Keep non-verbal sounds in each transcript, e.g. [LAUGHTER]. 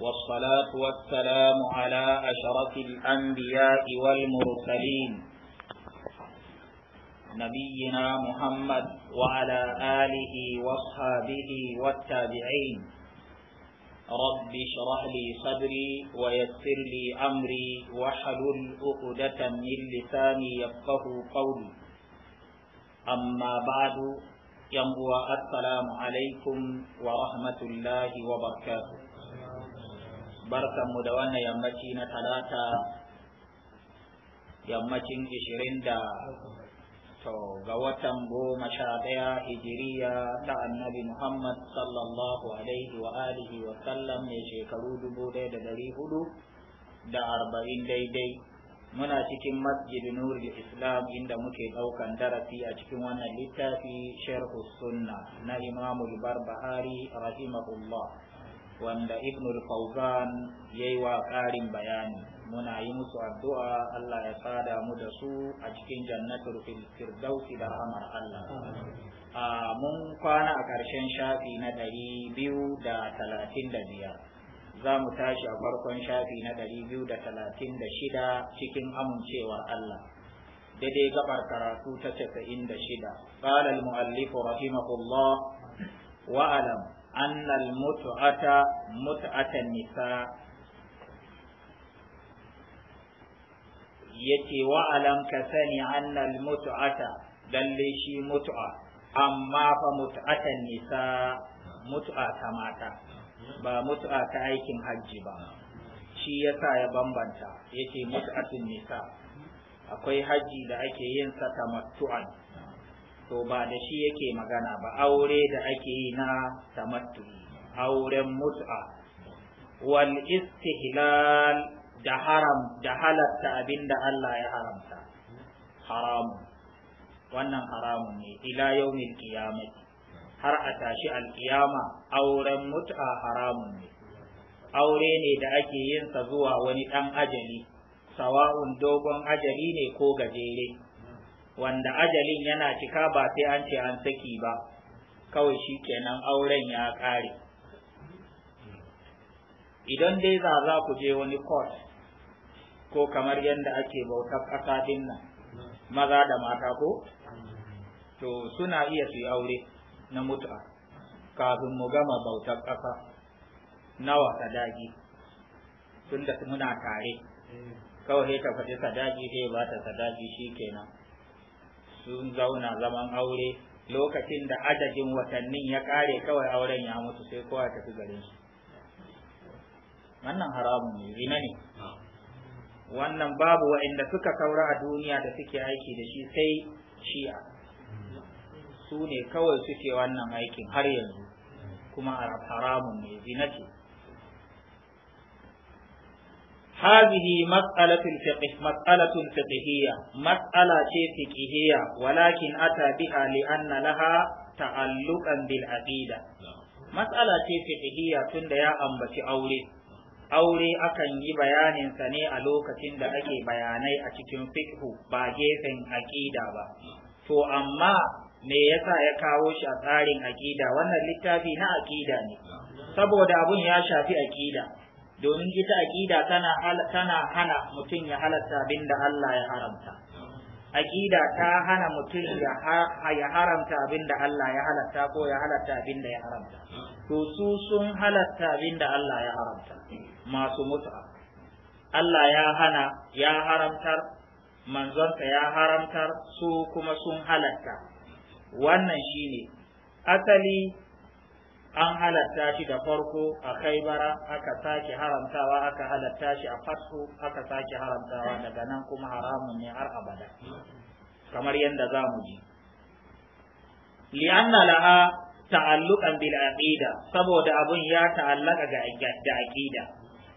والصلاة والسلام على أشرف الأنبياء والمرسلين نبينا محمد وعلى آله واصحابه والتابعين رب اشرح لي صدري ويسر لي أمري وحلل عقدة من لساني يفقه قولي أما بعد ينبوى السلام عليكم ورحمة الله وبركاته Barkan mu da wannan yammaci na talata yammacin ishirin da to ga watan goma sha ɗaya hijiriya ta annabi muhammad sallallahu alaihi wa alihi wa sallam mai shekaru dubu ɗaya da dari hudu da arba'in daidai muna cikin masjid da islam inda muke ɗaukan darasi a cikin wannan littafi sharhu sunna na imamul barbahari rahimahullah wanda ibn al-fawzan yayi wa ƙarin bayani muna yi musu addu'a Allah ya sada mu da su a cikin jannatul firdausi da rahmar Allah a mun kwana a ƙarshen shafi na ɗari biyu da talatin da biyar za mu tashi a farkon shafi na ɗari biyu da talatin da shida cikin amincewar Allah daidai gabar karatu ta casa'in da shida Ƙalal mu'allifu رحمه wa'alam annal mutu'ata mutu'atan nisa yace wa alam ka sani annal mutu'ata lalle shi mutu'a amma fa mutu'atan nisa mutu'a ta mata ba mutu'a ta aikin hajji ba shi yasa ya bambanta yace mutu'atun nisa akwai hajji da ake yin sa tamattu'an to ba da shi yake magana ba aure da ake yi na tamattu auren mut'a wal istihlal da haram da halatta abinda Allah ya haramta haram wannan haramun ne ila yaumil qiyamah har a tashi alkiyama auren mut'a haramun ne aure ne da ake yin sa zuwa wani dan ajali sawa'un dogon ajali ne ko gajere wanda ajalin yana cika ba sai an ce an saki ba kawai shi kenan auren ya ƙare idan dai za za ku je wani court ko kamar yadda ake bautar ƙasa nan maza da mata ko to suna iya su yi aure na mutu'a kafin mu gama bautar ƙasa nawa sadaki tunda muna tare kawai ta faɗi sadaki sai ba ta sadaki shi kenan sun zauna zaman aure lokacin da adadin watannin ya kare kawai auren ya mutu sai kowa tafi garin su wannan haramun ne zina ne wannan babu waɗanda suka saura a duniya da suke aiki da shi sai shi'a su ne kawai suke wannan aikin har yanzu kuma haramun ne zina ce هذه مسألة الفقه مسألة فقهية مسألة فقهية ولكن أتى بها لأن لها تعلقا بالعقيدة ce فقهية tunda ya ambaci aure. aure akan yi bayaninsa ne a lokacin da ake bayanai a cikin fikhu ba gefen aƙida ba to amma me yasa ya kawo shi a tsarin aƙida wannan littafi na aƙida ne saboda abun ya shafi aƙida domin ita aƙida tana tana hana mutum ya halatta abin da Allah ya haramta aƙida ta hana mutum ya haramta abin da Allah ya halatta ko ya halatta abin da ya haramta to su sun halatta abin da Allah ya haramta masu mut'a Allah ya hana ya haramtar manzonta ya haramtar su kuma sun halatta wannan shine asali an halatta shi da farko a kai-bara aka sake haramtawa aka halatta shi a fasu aka sake haramtawa daga nan kuma haramun ne har abada kamar yadda za mu ji li'anna laha ta'alluqan bil aqida saboda abun ya ta'allaka ga da aqida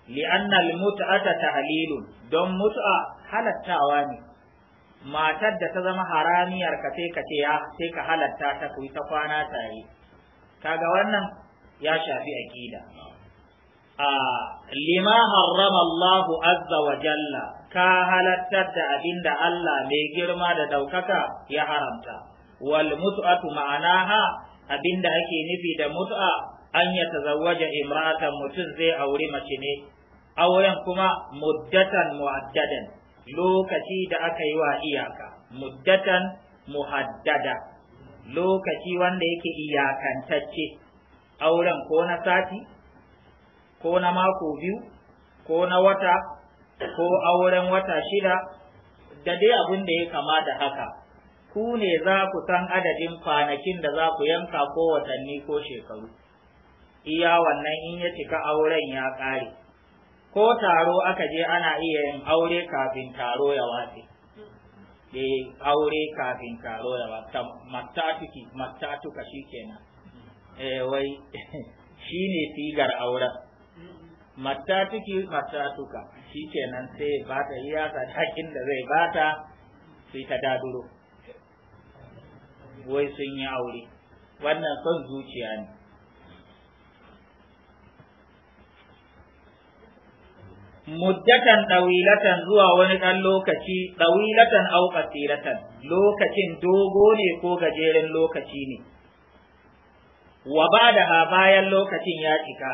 li'anna al mut'ata tahlilun don mut'a halattawa ne matar da ta zama haramiyar ka sai ka ya sai ka halatta ta kuyi ta kwana tare kaga wannan ya shafi aqida a lima harrama Allahu azza wa jalla ka halattar da abinda Allah mai girma da daukaka ya haramta wal mut'atu ma'anaha abinda ake nufi da mut'a an ya tazawwaja imra'atan mutum zai auri mace ne auren kuma muddatan mu'addadan lokaci da aka yi wa iyaka muddatan muhaddada lokaci wanda yake iyakantacce auren ko na sati ko na mako biyu ko na wata ko auren wata shida da dai abin da ya kama da haka ku ne za ku san adadin kwanakin da za ku yanka ko watanni ko shekaru iya wannan in ya cika auren ya ƙare ko taro aka je ana iya yin aure kafin taro ya wace. da aure kafin karo da ba mattatuki mattatuka shikenan eh wai [LAUGHS] shi ne sigar auren mattatuki shi kenan sai ba ta iya takin da zai ba ta, sai ta daduro wai sun yi aure wannan son zuciya ne muddatan ɗawilatan zuwa wani ɗan lokaci ɗawilatan au lokacin dogo ne ko gajeren lokaci ne wa ba da ha bayan lokacin ya cika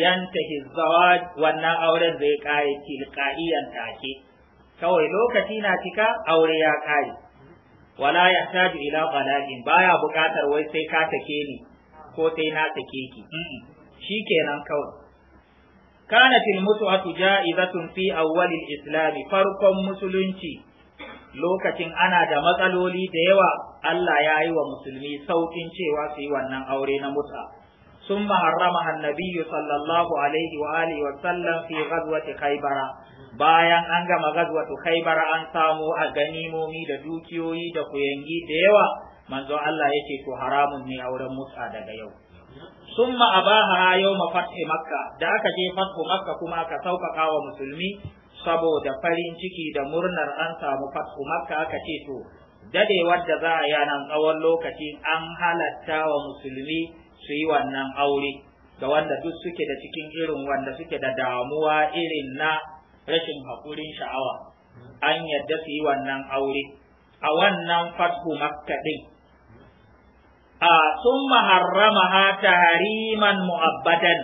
yanta hizzawa wannan auren zai ƙare tilka'iyan take kawai lokaci na cika aure ya ƙare wala ya taju ila balagin baya buƙatar wai sai ka take ni ko sai na take ki shikenan kawai كانت المتعة جائزة في auwalin islami. فرق مسلمتي lokacin ana da matsaloli da yawa Allah ya yi wa musulmi saukin cewa su yi wannan aure na mut'a sun maharrama annabi sallallahu alaihi wa alihi wa sallam fi ghazwati khaybara bayan an gama ghazwatu khaybara an samu a ganimomi da dukiyoyi da kuyangi da yawa manzo Allah yake to haramun ne auren mut'a daga yau summa abaha يوم فتح makka da aka je fath makka kuma aka sauka wa musulmi saboda farin ciki da murnar an samu fath makka aka ce to dadewar za a yana tsawon lokaci an halatta wa musulmi su yi wannan aure ga wanda duk suke da cikin irin wanda suke da damuwa irin na rashin haƙurin sha'awa an yadda su yi wannan aure a wannan fathu makka ɗin a sun maharramaha tahariman mu'abbadan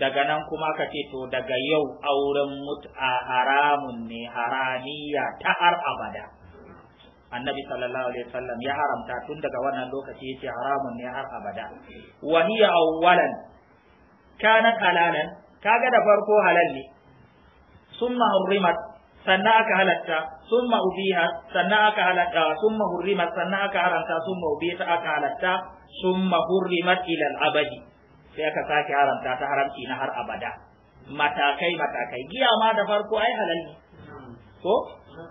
daga nan kuma ka ce to daga yau auren mut'a haramun ne haramiya ta har abada annabi sallallahu alaihi wasallam ya haramta tun daga wannan lokaci yace haramun ne har abada wa hiya awwalan kana halalan kaga da farko halal ne summa harrimat sannan aka halatta summa ubiha sannan aka halatta summa hurrimat sannan aka haranta summa ubiha aka halatta summa hurrimat ila abadi sai aka sake haramta ta haramci na har abada matakai matakai giya ma da farko ai halal ne ko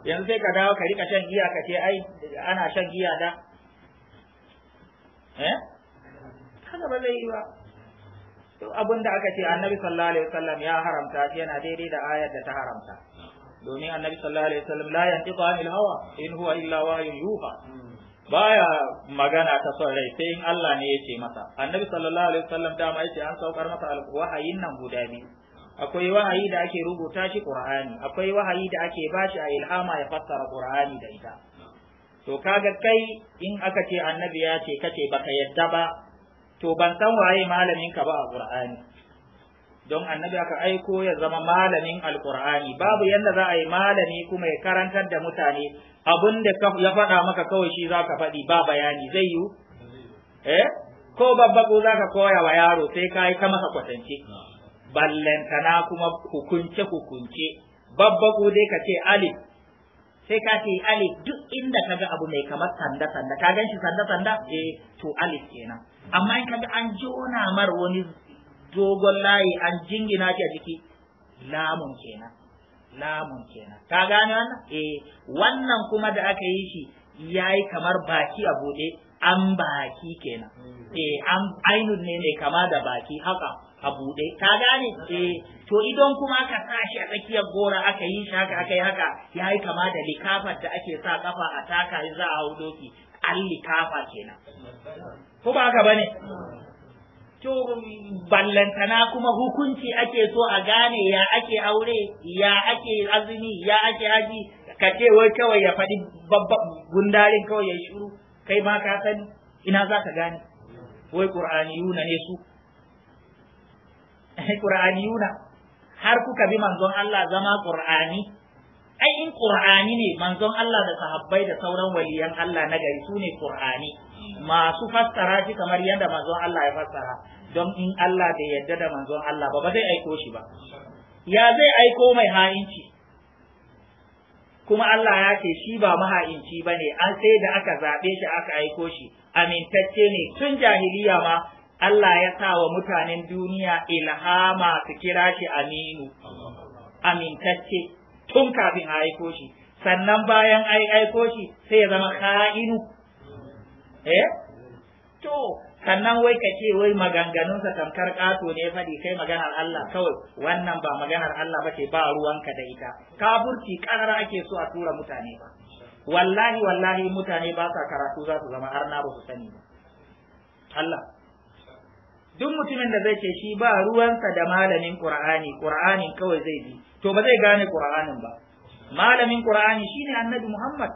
yanzu sai ka dawo ka rika shan giya ka ce ai ana shan giya da eh haka ba zai yi ba to abin da aka ce annabi sallallahu alaihi wasallam ya haramta shi yana daidai da ayar da ta haramta domin annabi sallallahu alaihi wasallam la yantiqu anil hawa in huwa illa wahyun yuha hmm. baya magana ta son rai sai in Allah ne ya ce masa annabi sallallahu alaihi wasallam dama yace an saukar masa Wahayin nan guda biyu akwai wahayi da ake rubuta shi qur'ani akwai wahayi da ake bashi a ilhama ya fassara qur'ani da ita to kaga kai in aka ce annabi ya ce kace baka yadda ba to ban san waye malamin ka ba a qur'ani don annabi aka aiko ya zama malamin alkur'ani babu yadda za a yi malami kuma ya karantar da mutane abin da ya faɗa maka kawai shi za ka faɗi ba bayani zai yi eh ko babbaƙo za ka koya wa yaro sai ka yi ta masa kwatance ballantana kuma hukunce hukunce babbaƙo dai ka ce alif sai ka ce alif duk inda ka ga abu mai kamar sanda sanda ka gan shi sanda sanda eh to alif kenan amma in ka ga an jona mar wani dogon layi an jingina shi a jiki lamun kenan lamun kenan ka gane wannan eh wannan kuma da aka yi shi yayi kamar baki a bude an baki kenan eh an ainun ne ne kama da baki haka a bude ka gane eh to idan kuma ka sa shi a tsakiyar gora aka yi shi haka aka yi haka yayi kama da likafar da ake sa kafa a taka za a hau doki an likafa kenan ko ba haka bane to ballantana kuma hukunci ake so a gane ya ake aure ya ake azumi ya ake haji ka ce wai kawai ya faɗi gundarin kawai ya shuru kai ma ka sani ina za ka gane wai ƙur'aniyuna ne su ƙur'aniyuna eh, har kuka bi manzon Allah zama ƙur'ani ai in ƙur'ani ne manzon Allah da sahabbai da sauran waliyan Allah na gari su ne ƙur'ani masu fassara shi kamar yadda manzon Allah ya fassara don in Allah bai yadda da manzon Allah ba ba zai aiko shi ba ya zai aiko mai ha'inci kuma Allah ya ce shi ba maha'inci ba ne an sai da aka zaɓe shi aka aiko shi amintacce ne tun jahiliya ma Allah ya sa wa mutanen duniya ilhama su kira shi aminu amintacce tun kafin a aiko shi sannan bayan ai aiko shi sai ya zama ka'inu eh to sannan wai ka ce wai maganganunsa tamkar ƙato ne faɗi kai maganar Allah kawai wannan ba maganar Allah ba ce ba ruwanka da ita kafurci ƙarar ake so a tura mutane ba wallahi wallahi mutane ba sa karatu za su zama arna ba su sani ba Allah duk mutumin da zai ce shi ba ruwansa da malamin Qur'ani Qur'anin kawai zai bi to ba zai gane Qur'anin ba malamin Qur'ani shine Annabi Muhammad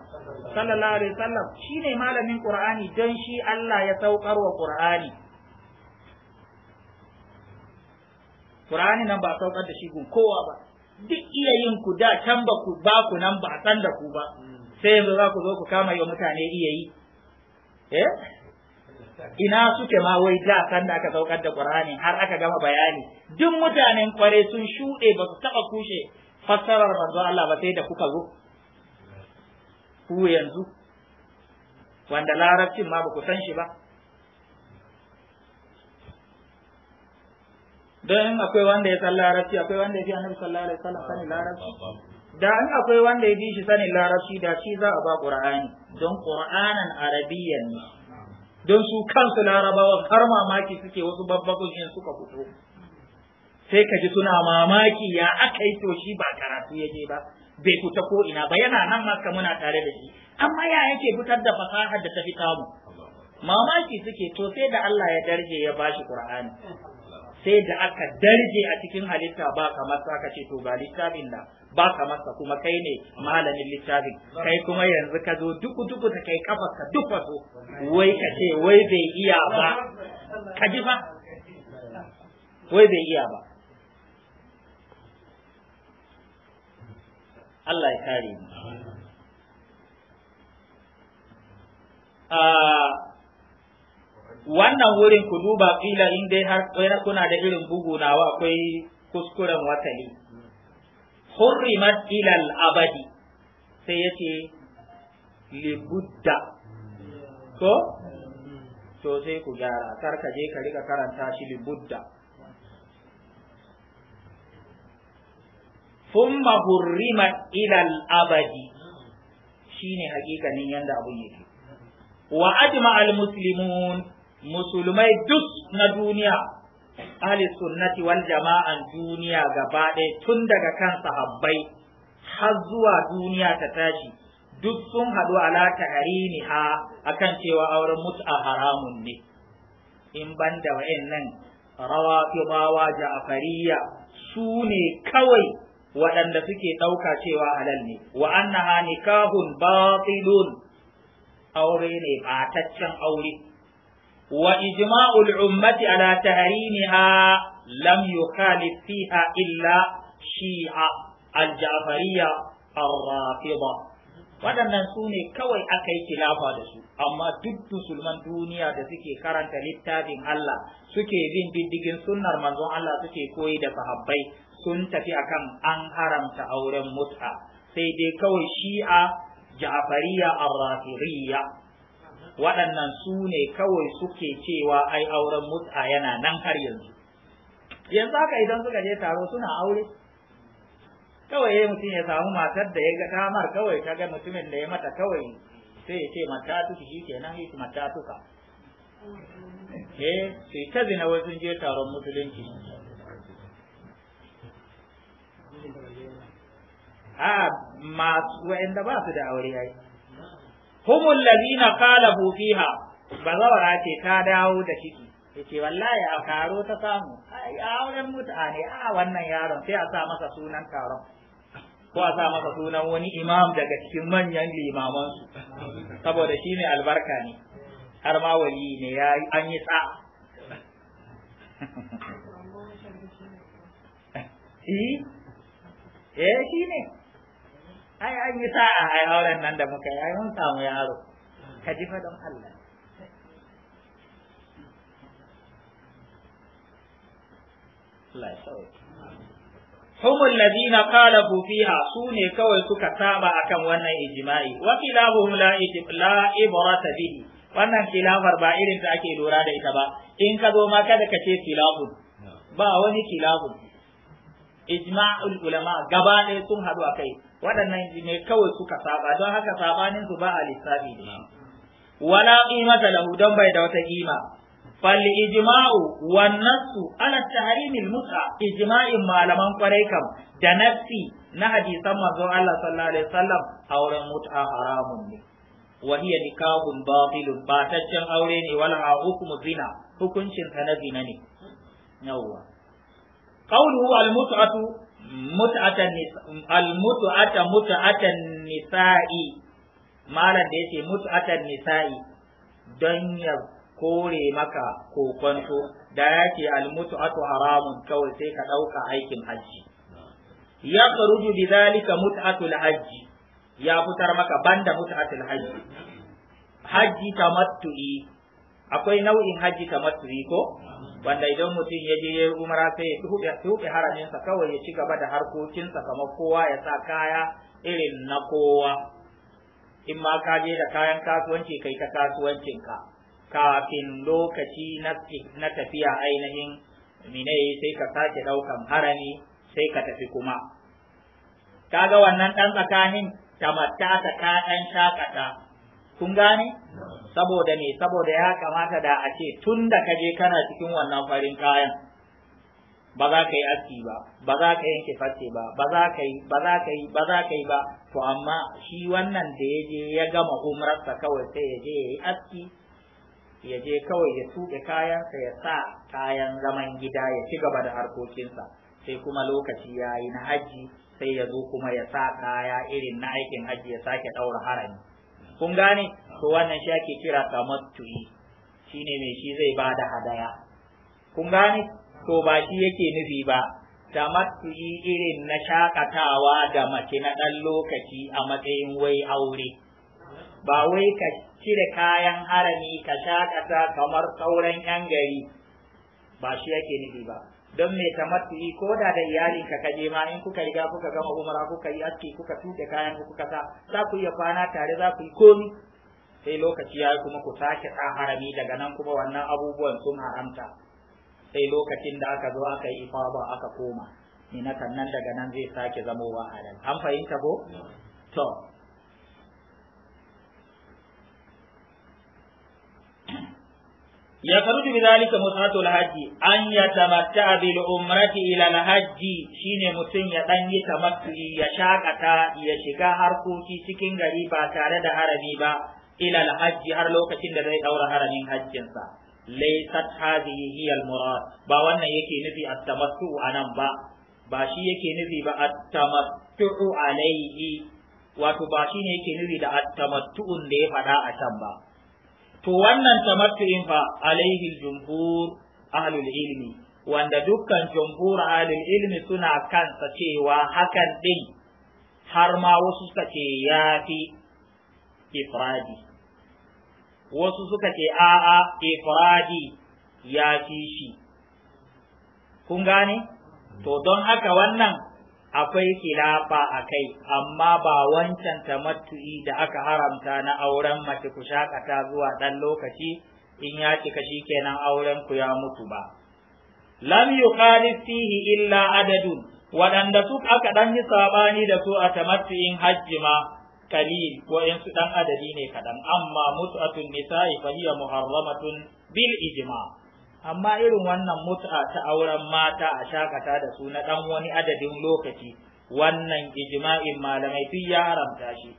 sallallahu alaihi wasallam shine malamin qur'ani don shi Allah ya saukar wa qur'ani qur'ani nan ba a saukar da shi gun kowa ba duk iya yin ku da can ba ku ba ku nan ba san da ku ba sai yanzu za ku zo ku kama yau mutane iya yi eh ina suke ma wai da san da aka saukar da qur'ani har aka gama bayani duk mutanen kware sun shuɗe ba su taɓa kushe fassarar manzo Allah ba sai da kuka zo ku yanzu wanda larabcin ma ba ku san shi ba don akwai wanda ya san larabci akwai wanda ya fi annabi sallallahu alaihi wasallam sanin larabci da an akwai wanda ya bi shi sanin larabci da shi za a ba qur'ani don qur'anan arabiyyan ne don su kansu larabawa har mamaki suke wasu babbaku in suka fito sai ka ji suna mamaki ya aka yi to shi ba karatu ya je ba bai fita ko ina ba yana nan maka muna tare da shi amma ya yake fitar da fasaha da ta fi tamu mamaki suke to sai da Allah ya darje ya bashi Qur'ani sai da aka darje a cikin halitta ba kamar sa ce to ba littafin da ba kamar sa kuma kai ne malamin littafin kai kuma yanzu ka zo duku duku ta kai kafar ka duk wato wai ka ce wai bai iya ba ka ji ba? wai bai iya ba Allah ya kare mu ah, wannan wurin ku duba kila in dai har kuna da irin bugu nawa akwai kuskuren watali hurrimat al abadi sai yace libudda ko to sai ku gyara kar ka je ka riga karanta shi libudda thumma hurrimat ilal abadi shine hakikanin yadda abun yake wa ajma al musulmai duk na duniya ahli sunnati wal jama'an duniya gaba ɗaya tun daga kan sahabbai har zuwa duniya ta tashi duk sun haɗu ala taharimiha akan cewa auren a haramun ne in banda wa'annan rawa fibawa ja'fariya su ne kawai waɗanda suke ɗauka cewa halal ne wa annaha nikahun batilun aure ne bataccen aure wa ijma'ul ummati ala tahrimiha lam yukhalif fiha illa shi'a al-ja'fariyya ar-rafida waɗannan su ne kawai aka yi kilafa da su amma duk musulman duniya da suke karanta littafin Allah suke bin diddigin sunnar manzon Allah suke koyi da sahabbai sun tafi akan an haramta auren mut'a sai dai kawai shi'a ja'fariya ar-rafidiyya waɗannan su ne kawai suke cewa ai auren mut'a yana nan har yanzu yanzu haka idan suka je taro suna aure kawai yayin mutum ya samu matar da ya ga kamar kawai ta ga mutumin da ya mata kawai sai ya ce mata tuki shi ke nan mata tuka eh sai ta zina wajen je taron musulunci a masu wa'anda ba su da aure ai humul ladina qalahu fiha bazawara ce ta dawo da ciki yace wallahi a karo ta samu ai auren mutane a wannan yaron sai a sa masa sunan taron ko a sa masa sunan wani imam daga cikin manyan limaman su saboda shi ne albarka ne har ma wali ne ya an yi sa [LAUGHS] eh eh shi ne ai an yi sa'a ai auren nan da muka yi ai mun samu yaro ka ji don Allah Allah ya sauke humul ladina qalabu fiha kawai suka saba akan wannan ijma'i wa khilafuhum la la ibrata bihi wannan kilafar ba irin da ake lura da ita ba in ka zo ma kada ka ce kilafun ba wani kilafun ijma'ul ulama gaba ɗaya sun haɗu a kai waɗannan ne kawai suka saba don haka sabanin su ba a lissafi ne wala qimata lahu don bai da wata qima fal ijma'u wan nassu ala tahrim Musa, ijma'in malaman kwarai kam da nassi na hadisan manzon Allah sallallahu alaihi wasallam auren mut'a haramun ne wa hiya nikahun batilun bataccen aure ne wala hukumu zina hukuncin ta na zina ne yawwa qawluhu al-mut'atu nisa'i malam da yake mut'atan nisa'i don ya kore maka ko kokonto da yake al-mut'atu haramun kawai sai ka ɗauka aikin hajji ya kharuju bi dhalika mut'atul hajji ya fitar maka banda mut'atul hajji hajji tamattu'i akwai nau'in hajji tamattu'i ko wanda idan mutum ya je ya yi umara sai ya tuɓe haraminsa kawai ya ci gaba da harkokinsa kamar kowa ya sa kaya irin na kowa in ma ka je da kayan kasuwanci kai ta kasuwancinka kafin lokaci na tafiya ainihin mine sai ka sake ɗaukan harami sai ka tafi kuma kaga wannan ɗan tsakanin tamatta ta ɗan shakata kun gane saboda me saboda ya kamata da a ce tun da kaje kana cikin wannan farin kayan ba za ka yi aski ba ba za ka yanke face ba ba za ka yi ba za ka yi ba za ka yi ba to amma shi wannan da ya je ya gama umrarsa kawai sai ya je ya yi aski ya je kawai ya tuɓe kayansa ya sa kayan zaman gida ya ci gaba da harkokinsa sai kuma lokaci ya yi na hajji sai ya zo kuma ya sa kaya irin na aikin hajji ya sake ɗaura harami kun gane to wannan shi ake kira tamattu'i shine mai shi zai ba hadaya kun gani to ba shi yake nufi ba tamattu'i irin na shakatawa da mace na ɗan lokaci a matsayin wai aure ba wai ka cire kayan harami ka shakata kamar sauran 'yan gari ba shi yake nufi ba don mai tamattu'i ko da da iyalin ka kaje ma in kuka riga kuka gama umara kuka yi aski kuka tuke kayan kuka sa za ku iya kwana tare za ku yi komi sai lokaci ya kuma ku sake sa harami daga nan kuma wannan abubuwan sun haramta sai lokacin da aka zo aka yi ifaba aka koma ni na nan daga nan zai sake zamowa a nan an fahimta ko to ya faruju bidalika musatu alhaji an yatamatta bil umrati ila alhaji shine mutun ya dan yi tamattu ya shakata ya shiga harkoki cikin gari ba tare da harami ba ila al har lokacin da zai daura haramin hajjinsa laysat hadhihi hiya al-murad ba wannan yake nufi at-tamattu anan ba ba shi yake nufi ba at-tamattu alaihi wato ba shi ne yake nufi da at-tamattu'un da ya faɗa a can ba to wannan tamattu'in fa alaihi al-jumhur ahlul ilmi wanda dukkan jumhur ahlul ilmi suna kansa cewa hakan din har ma wasu suka ce fi ifradi wasu suka ce a'a ifradi ya fi shi kun gane hmm. to don haka wannan akwai kilafa a kai amma ba wancan tamattu'i da aka haramta na auren mace ku shakata zuwa ɗan lokaci in ya cika shi kenan auren ku ya mutu ba lam yuqalif fihi illa adadun waɗanda su aka ɗan yi sabani da su a tamattu'in hajji ma kalil waɗansu ɗan adadi ne kaɗan, amma mut'atun nisa'i fa hiya muharramatun bil ijma amma irin wannan mut'a ta auren mata a shakata da su na ɗan wani adadin lokaci wannan ijma'in malamai fi ya haramta shi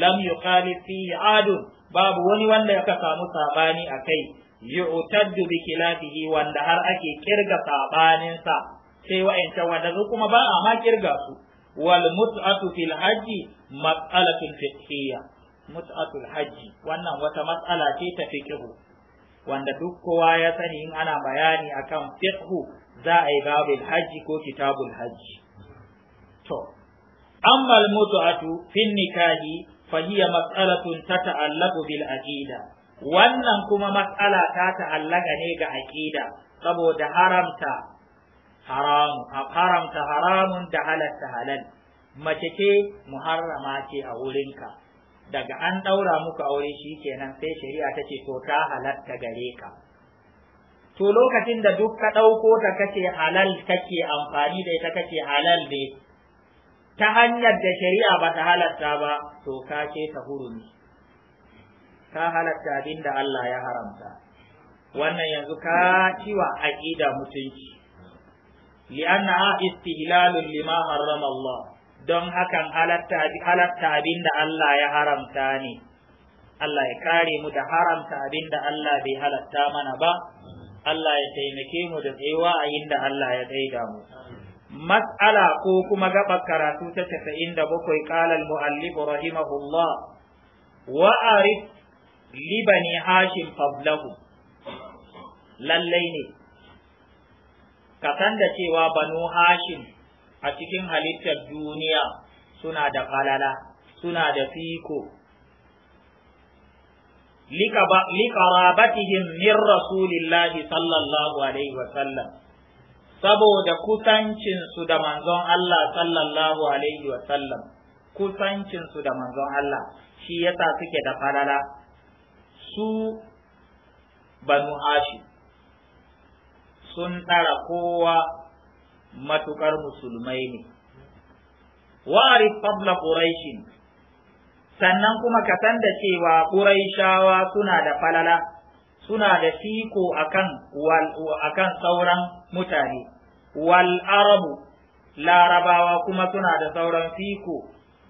lam yuqali fi adun babu wani wanda ya samu sabani akai yu'taddu bi khilafihi wanda har ake kirga sabanin sai wa'ancan wanda kuma ba a ma kirga su wal mut'atu fil hajji mas'alatul fiqhiyya mut'atul hajji wannan wata matsala ce ta fikihu, wanda duk kowa ya sani in ana bayani akan fiqhu za a yi babul hajji ko kitabul hajji to amma al mut'atu fil nikahi fa hiya mas'alatun tata'allaqu bil aqida wannan kuma matsala ta ta'allaka ne ga aqida saboda haramta haram haramta haramun da halatta halal mace ce muharrama ce a wurinka daga an ɗaura muku aure shi kenan sai shari'a ta ce to ta halatta gare ka to lokacin da duk ka ɗauko ta kace halal kake amfani da ita kace halal ne ta hanyar da shari'a ba ta halatta ba to ka ce ta hurumi ka halatta abin da Allah ya haramta wannan yanzu ka ciwa aƙida mutunci li'annaha istihlalun lima harrama don hakan halatta abinda Allah ya haramta ne Allah ya kare mu da haramta abinda Allah bai halarta mana ba Allah ya taimake mu da tsayuwa a inda Allah ya tsaida mu mas'ala ko kuma gaɓa karatu ta 97 qala bakwai muallif rahimahullah wa arif libani hashim fadlahu lallai ne Kasan da cewa banu hashim a cikin halittar duniya suna da falala suna da fiko liqarabatihim min rasulillahi sallallahu alaihi wa sallam saboda kusancinsu da manzon Allah sallallahu alaihi wa sallam kusancinsu da manzon Allah shi yasa suke da falala su banu hashim sun ɗara kowa matuƙar musulmai ne wa'ari fabla ƙuraishin sannan kuma ka san da cewa ƙuraishawa suna da falala suna da fiko akan sauran mutane wal arabu larabawa kuma suna da sauran fiko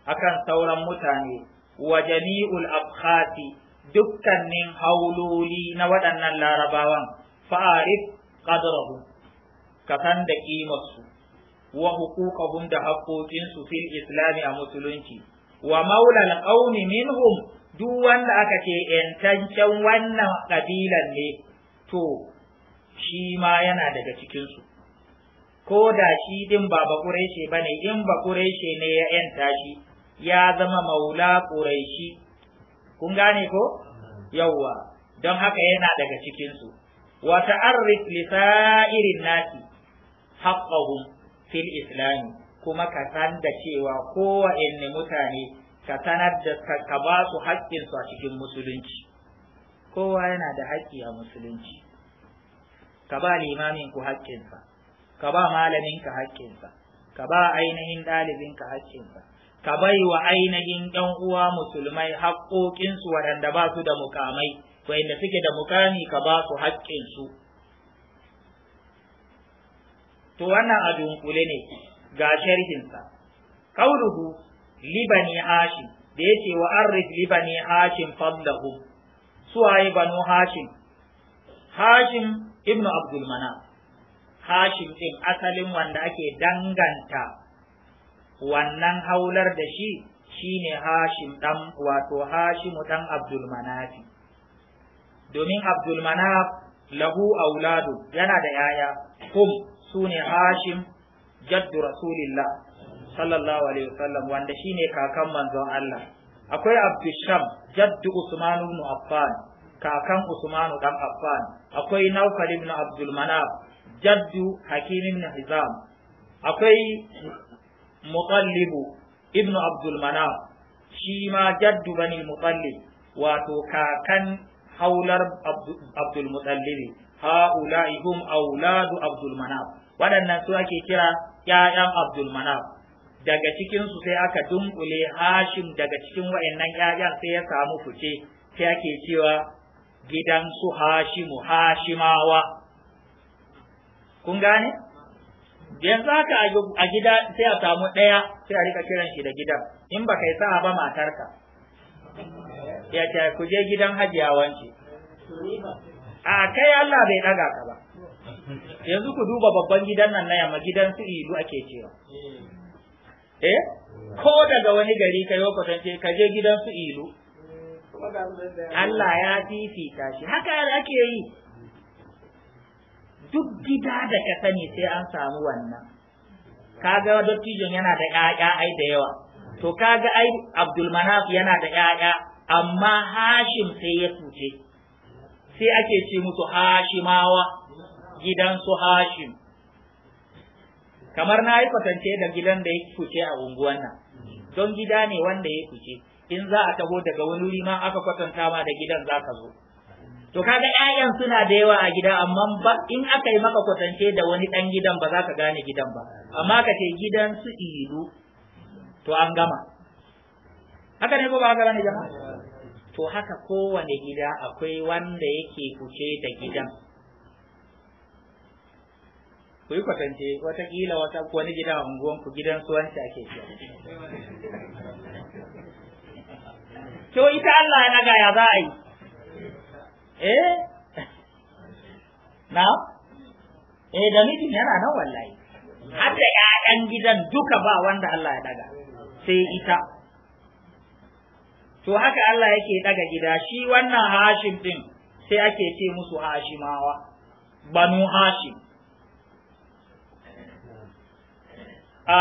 akan sauran mutane wa jami'ul abkhasi dukkanin hauloli na waɗannan larabawan fa'arif qadrahu ka san da kimar su wa hukukahum da haƙoƙin su fil islami a musulunci wa maula alqawmi minhum duk wanda aka ce yantancen wannan kabilan ne to shi ma yana daga cikin su ko da shi din ba bakureshe bane in bakureshe ne ya yanta shi ya zama maula ƙuraishi kun gane ko mm. yawwa don haka yana daga cikinsu wa ta'arrif li sa'irin nasi haqqahum fil islam kuma ka san da cewa kowanne mutane ka sanar da ka basu su haƙƙinsu a cikin musulunci kowa yana da haƙƙi a musulunci ka ba limamin ku haƙƙinsa ka ba malamin ka haƙƙinsa ka ba ainihin ɗalibin ka haƙƙinsa ka bai wa ainihin ɗan uwa musulmai haƙƙoƙinsu waɗanda ba su da mukamai inda suke da mukami ka ba su haƙƙinsu to wannan a dunkule ne ga sharhinsa kauluhu libani hashim da yace wa arif libani hashim fadlahu suwaye banu hashim hashim ibnu abdul hashim din asalin wanda ake danganta wannan haular da shi shine hashim dan wato hashimu dan abdul manafi domin abdulmanaf lahu auladu yana da yaya hum sune hashim jaddu rasulillah sallallahu alaihi wasallam wanda shine kakan manzon Allah akwai abdusham jaddu usman ibn affan kakan usman dan affan akwai nawfal ibn abdulmanaf jaddu hakim ibn hizam akwai mutallibu ibn abdulmanaf shi ma jaddu bani mutallib wato kakan haular abdul mutsallibi ha'ula'i hum auladu abdul manaf waɗannan su ake kira ƴaƴan abdul manaf daga cikin su sai aka dunkule hashim daga cikin wayannan ƴaƴan sai ya samu fice sai ake cewa gidan su hashimu hashimawa kun gane yanzu haka a gida sai a samu ɗaya sai a rika kiran shi da gidan in ba kai sa'a ba matarka ya ce ku je gidan hajiya wance a kai Allah bai daga ka ba yanzu ku duba babban gidan nan na yamma gidan su ilu ake cewa eh ko daga wani gari kai kwatance ka je gidan su ilu Allah ya fifita shi haka ake yi duk gida da ka sani sai an samu wannan kaga dattijon yana da ƴaƴa ai da yawa to kaga ai Abdul Manaf yana da 'ya'ya. amma hashim sai ya tuce sai ake ce musu hashimawa gidan su hashim kamar na yi kwatance da gidan da ya kuce a unguwan nan don gida ne wanda ya kuce in za a taho daga wani wuri ma aka kwatanta ma da gidan za ka zo to kaga ƴaƴan suna da yawa a gida amma in aka yi maka kwatance da wani ɗan gidan ba za ka gane gidan ba amma ka ce gidan su ilu to an gama haka ne ko ba haka bane jama'a to haka kowane gida akwai wanda yake kuce da gidan ku yi kwatance watakila wata wani gida a unguwanku gidan su wanci ake ce [LAUGHS] to ita Allah ya naga ya za a yi eh [LAUGHS] na eh da mijin yana nan wallahi hatta ya gidan duka ba wanda Allah ya daga sai ita to haka Allah yake daga gida shi wannan hashim din sai ake ce musu hashimawa banu hashim a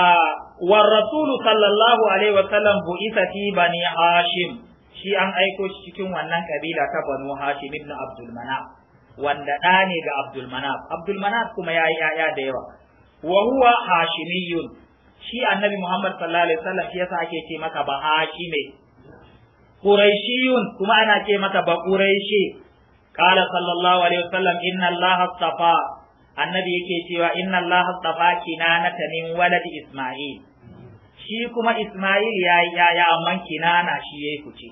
war rasulu sallallahu alaihi bu isa fi bani hashim shi an aiko shi cikin wannan kabila ta banu hashim ibn abdul manaf wanda ɗa ne ga abdul manaf abdul manaf kuma yayi yaya da yawa wa huwa hashimiyun shi annabi muhammad sallallahu alaihi wasallam shi yasa ake ce maka ba hashime quraishiyun kuma ana ce masa ba quraishi qala sallallahu alaihi wasallam inna allaha astafa annabi yake cewa inna allaha astafa kinanata min walad isma'il shi kuma isma'il yayi yaya amma kinana shi yayi kuce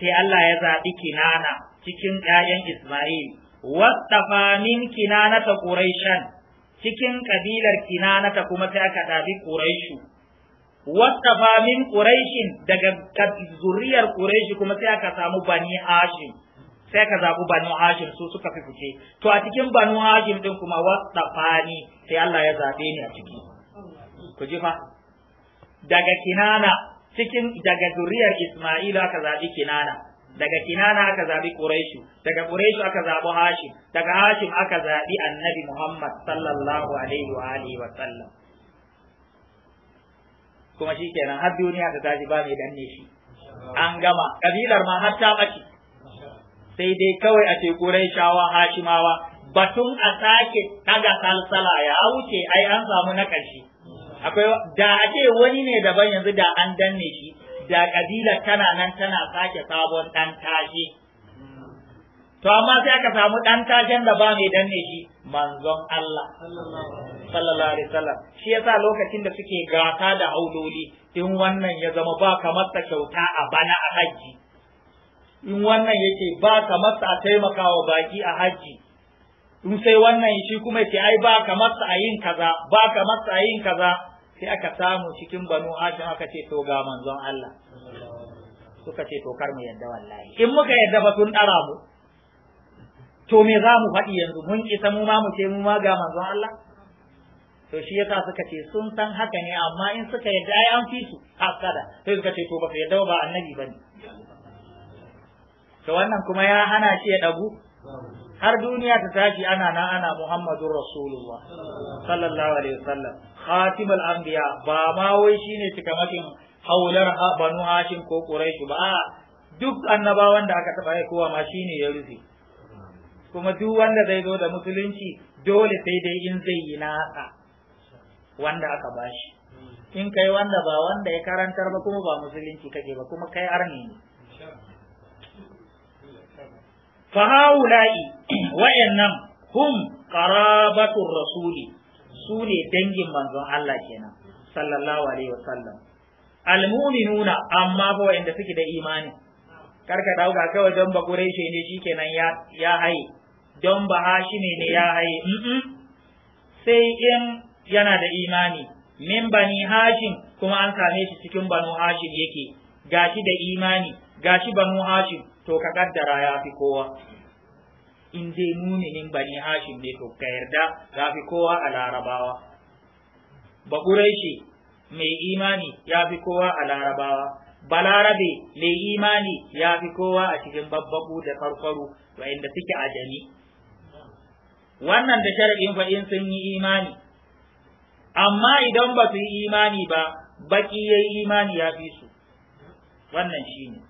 sai Allah ya zaɓi kinana cikin 'ya'yan isma'il wastafa min kinanata quraishan cikin kabilar kinanata kuma sai aka zabi quraishu wasafa min quraishin daga zuriyar quraishi kuma sai aka samu bani hashim sai ka zabu banu hashim su suka fi fice to a cikin banu hashim din kuma ni sai Allah ya zabe ni a ciki ku ji fa daga kinana cikin daga zuriyar isma'ila aka zabi kinana daga kinana aka zabi quraishu daga quraishu aka zabi hashim daga hashim aka zabi annabi muhammad sallallahu alaihi wa alihi wa sallam kuma shi kenan har duniya ta tashi ba mai danne shi an gama kabilar ma har ta ɓace sai dai kawai a ce shawa hashimawa batun a sake ɗaga salsala ya wuce ai an samu na ƙarshe akwai da a wani ne daban yanzu da an danne shi da kabila tana nan tana sake sabon ɗan tashi to amma sai aka samu dan taken da ba mai danne shi manzon Allah sallallahu alaihi wasallam shi yasa lokacin da suke gata da auloli in wannan ya zama ba kamar ta kyauta a bana a haji in wannan yake ba kamar ta taimakawa baki a haji in sai wannan shi kuma yake ai ba kamar ta yin kaza ba kamar ta yin kaza sai aka samu cikin banu hashim aka ce to ga manzon Allah suka ce to kar mu yadda wallahi in muka yadda ba sun dara mu to me za mu faɗi yanzu mun isa mu ma mu ce mu ma ga manzon Allah to shi yasa suka ce sun san haka ne amma in suka yadda ai an fi su hasada sai suka ce to ba yadda ba annabi bane to wannan kuma ya hana shi ya dagu har duniya ta tashi ana nan ana Muhammadur Rasulullah sallallahu alaihi wasallam khatimul anbiya ba ma wai shine cikamakin haular banu Hashim ko Quraish ba duk annabawan da aka taba kowa ma shine ya rufe kuma duk wanda zai zo da musulunci dole sai dai in zai yi nasa wanda aka bashi in kai wanda ba wanda ya karantar ba kuma ba musulunci kake ba kuma kai arni ne fa haula'i [CLEARS THROAT] wa'annan hum qarabatur rasuli su ne dangin manzon Allah kenan sallallahu alaihi wasallam almu'minuna amma fa wa'anda suke da imani karka dauka kai wajen bakure shi ne shikenan ya ya haye don ba hashimi ne ya haye sai in yana da imani min bani hashim kuma an same shi cikin banu hashim yake gashi da imani gashi banu hashim to ka kaddara ya fi kowa in dai muminin bani hashim ne to ka yarda ya fi kowa a larabawa shi mai imani ya fi kowa a larabawa balarabe mai imani ya fi kowa a cikin babbaku da farfaru wa'inda suke ajami wannan da sharaɗin fa in sun yi imani amma idan ba su yi imani ba baki ya yi imani ya fi su wannan shi ne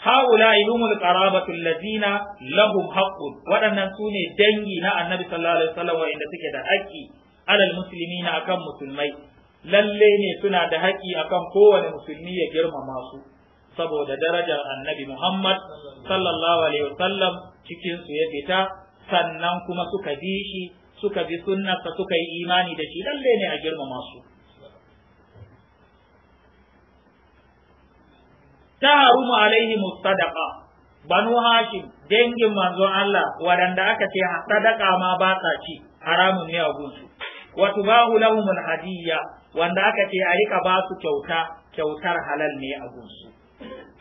haula ilumul qarabatu allazina lahum haqqun waɗannan su ne dangi na annabi sallallahu alaihi wasallam wanda suke da haƙƙi alal muslimina akan musulmai lalle ne suna da haƙƙi akan kowane musulmi ya girmama su saboda darajar annabi Muhammad sallallahu alaihi wasallam cikin su ya fita sannan kuma suka bi shi suka bi sunnarsa suka yi imani da shi lalle ne a girmama su ta harumu alaihi sadaqa banu hashim dangin manzon Allah waɗanda aka ce sadaqa ma ba sa ci haramun ne a gunsu wa tubahu lahum hadiyya wanda aka ce a rika ba su kyauta kyautar halal ne a gunsu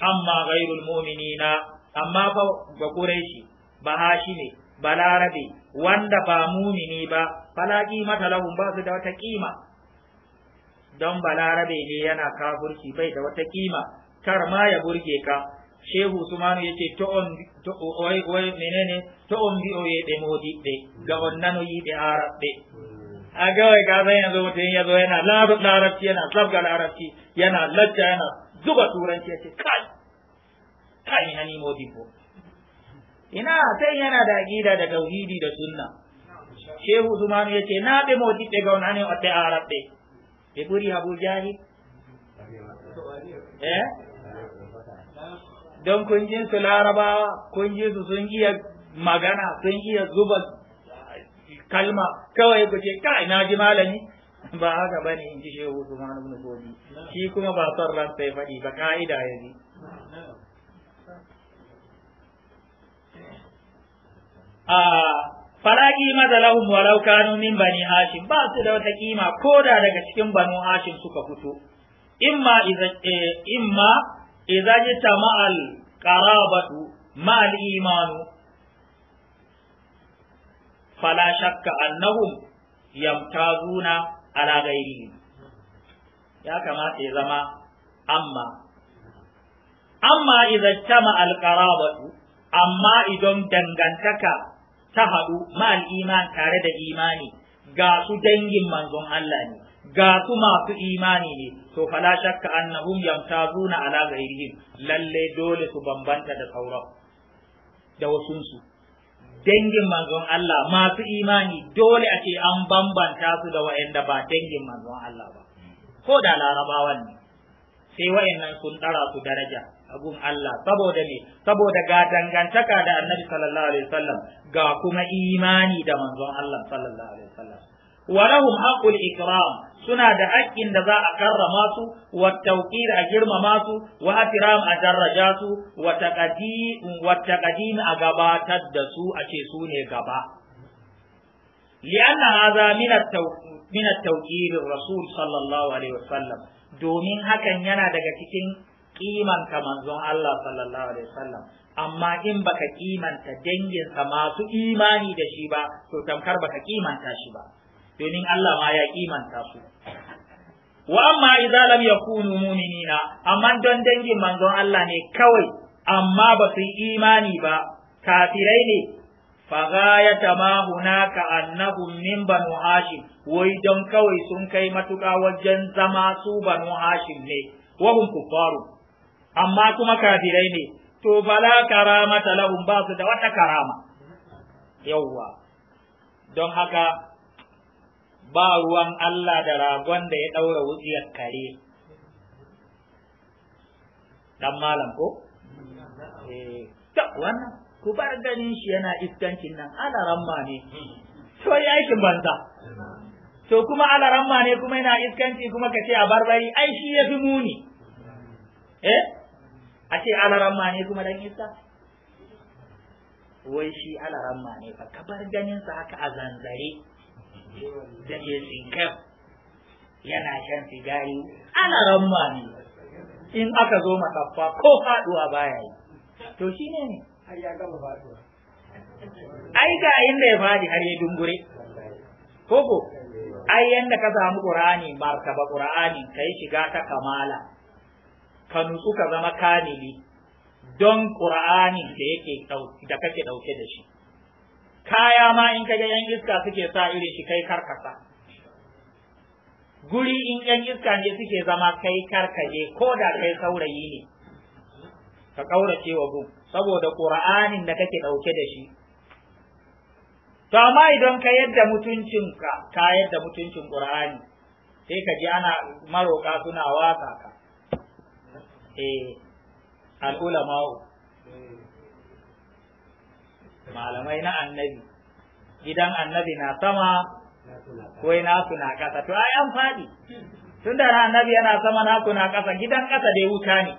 amma ghairul mu'minina amma ba ba quraishi ba ne. balarabe wanda ba mumini ba fala mata lahum ba su da wata kima don balarabe ne yana kafurci bai da wata kima kar ma ya burge ka shehu sumanu yace to on to oi oi menene to on bi oi de modi de ga wannan yi de arabe a wai ga yanzu mutum ya zo yana larabci yana sabga larabci yana lacca yana zuba turanci yace kai kai na ni modi ko ina sai yana da aqida da tauhidi da sunna shehu usman yace na be moti ga gauna ne otte arabe be buri abu jahi eh don kun ji su laraba kun ji su sun iya magana sun iya zuba kalma kawai ku ce kai na ji malami ba haka bane in ji shehu usman ibn fodi shi kuma ba son ran sai faɗi ba ka'ida ya ji a ah, fala kima da lahum walau kanu min bani hashim ba su da wata kima ko da daga cikin banu hashim suka fito imma iza eh, imma iza jitama al qarabatu ma al imanu fala shakka annahum yamtazuna ala ghairihim ya kamata ya zama amma amma idan tama qarabatu amma idan dangantaka ta haɗu ma'al iman tare da imani ga su dangin manzon Allah ne ga su masu imani ne to fala shakka annahum yamtazuna ala ghairihim lalle dole su bambanta da sauran da wasunsu dangin manzon Allah masu imani dole ake an bambanta su da wa'anda ba dangin manzon Allah ba ko da larabawan ne sai wa'annan sun tsara su daraja abun Allah saboda me saboda ga dangantaka da Annabi sallallahu alaihi wasallam ga kuma imani da manzon Allah sallallahu alaihi wasallam wa lahum haqqul ikram suna da haƙƙin da za a karrama su wa tawqir a girmama su wa ihtiram a daraja su wa taqdim wa taqdim a gabatar da su a ce su ne gaba لأن هذا من من التوقير الرسول صلى الله عليه وسلم domin hakan yana daga cikin kimanta manzon Allah sallallahu alaihi wasallam amma in baka kimanta danginsa masu imani da shi ba to tamkar baka kimanta shi ba domin Allah ma ya kimanta su wa amma idza lam yakunu mu'minina amma don dangin manzon Allah ne kawai amma ba su yi imani ba kafirai ne fa ghayata ma hunaka annahum min banu hashim wai don kawai sun kai matuƙa wajen zama su banu hashim ne wa hum kuffaru amma kuma kafirai ne to bala karamata lahum ba su da wata karama yawwa don haka ba ruwan Allah da ragon da ya ɗaura wuciyar kare dan malam ko eh wannan ku bar ganin shi yana iskancin nan ramma ne to yi banza to kuma ramma ne kuma yana iskanci kuma ka ce a barbari ai shi ya fi muni eh a ce alaramma ne kuma dan isa wai shi alaramma ne fa ka bar ganin sa haka a zanzare da ke tsinkar yana shan sigari alaramma ne in aka zo makaffa ko faduwa baya yi to shi ne ne har ya gama faduwa ai ga inda ya fadi har ya dungure koko ai yanda ka samu qur'ani martaba qur'ani kai shiga ta kamala ka nutsu zama kamili don ƙur'anin da yake da kake ɗauke da shi kaya ma in kaga yan iska suke sa irin shi kai karkasa guri in yan iska ne suke zama kai karkaje ko da kai saurayi ne ka ƙaurace wa gun saboda ƙur'anin da kake ɗauke da shi to amma idan ka yadda mutuncinka ka yadda mutuncin ƙur'ani sai ka ji ana maroƙa suna wasa ka eh al'ulama'u malamai na annabi gidan annabi na sama wai nasu na ƙasa to ai an faɗi tun da annabi yana sama naku na ƙasa gidan ƙasa dai wuta ne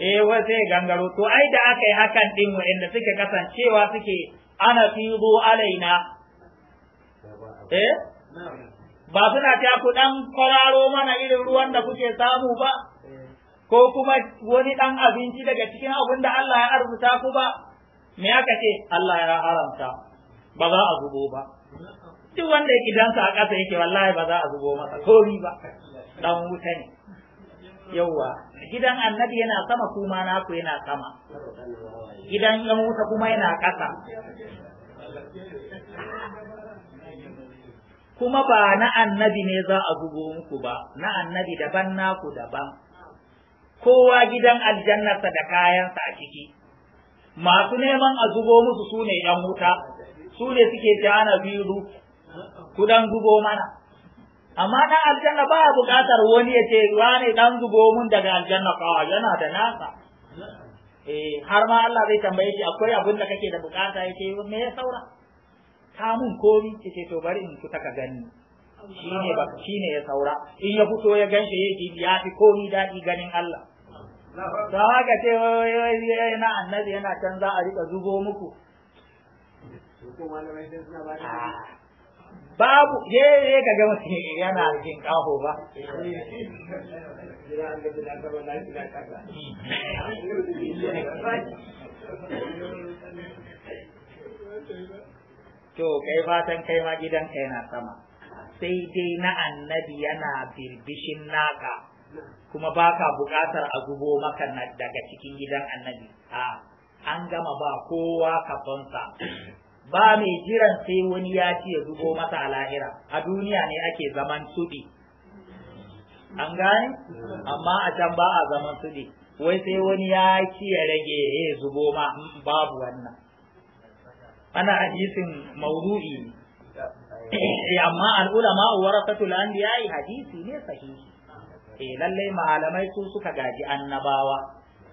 eh wai sai gangaro to ai da aka yi hakan din waɗanda suke kasancewa suke ana fizo alaina eh ba suna ta ku dan kwararo mana irin ruwan da kuke samu ba ko kuma wani dan abinci daga cikin abin da Allah ya arzuta ku ba me aka ce Allah ya haramta ba za a zubo ba duk wanda ya gidansa a ƙasa yake wallahi ba za a zubo masa kori ba dan wuta ne yauwa gidan annabi yana sama kuma naku yana sama gidan yan wuta kuma yana ƙasa kuma ba na annabi ne za a zubo muku ba na annabi daban naku daban kowa gidan aljannarsa da kayansa a ciki masu neman a zubo musu su ‘yan wuta su suke jana biyu dan zubo mana amma na aljanna ba a buƙatar wani ya ce ne dan zubo mun daga aljanna kawa yana da nasa eh har ma Allah zai tambaye shi akwai abin da kake da bukata ya ce me ya saura Samun mun komi ki ce to bari in fita ka gani shine ba shine ya saura in ya fito ya ganshi yake ya fi komi daɗi ganin Allah da haka ce na annabi yana can za a rika zubo muku babu ye ye ka gama. yana jin kaho ba Thank [LAUGHS] you. to kai fatan kai ma gidan kai yana sama sai dai na annabi yana birbishin naka kuma baka buƙatar a zubo maka daga cikin gidan annabi a an gama ba kowa kafonsa ba mai jiran sai wani ya ci ya zubo masa a lahira a duniya ne ake zaman suɗi an gane amma a can ba a zaman suɗi wai sai wani ya ci ya rage ya eh, zubo ma babu wannan ana hadisin maudu'i eh, amma al'ulama warasatul anbiya hadisi ne sahihi eh lallai malamai su suka gaji annabawa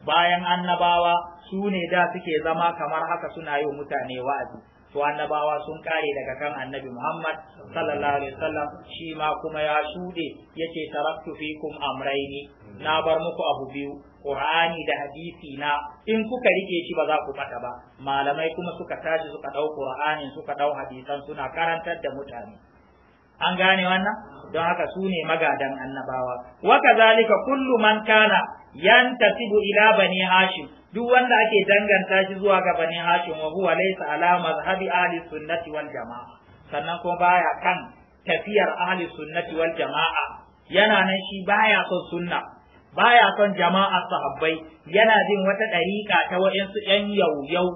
bayan annabawa su ne da suke zama kamar haka suna yi mutane wa'azi to annabawa sun kare daga kan annabi Muhammad sallallahu alaihi wasallam shi ma kuma ya shude yake taraktu fikum amraini na bar muku abu biyu Qur'ani da hadisi na in kuka rike shi ba za ku fata ba malamai kuma suka tashi suka dau Qur'anin suka dau hadisan suna karantar da mutane an gane wannan don haka su ne magadan annabawa wa kazalika kullu man kana yantasibu ila bani hashim duk wanda ake danganta shi zuwa ga bani hashim wa huwa laysa ala mazhabi ahli sunnati wal jamaa sannan kuma baya kan tafiyar ahli sunnati wal jamaa yana nan shi baya son sunna baya son jama'a sahabbai yana jin wata ɗariƙa ta wa'insu ƴan yauyau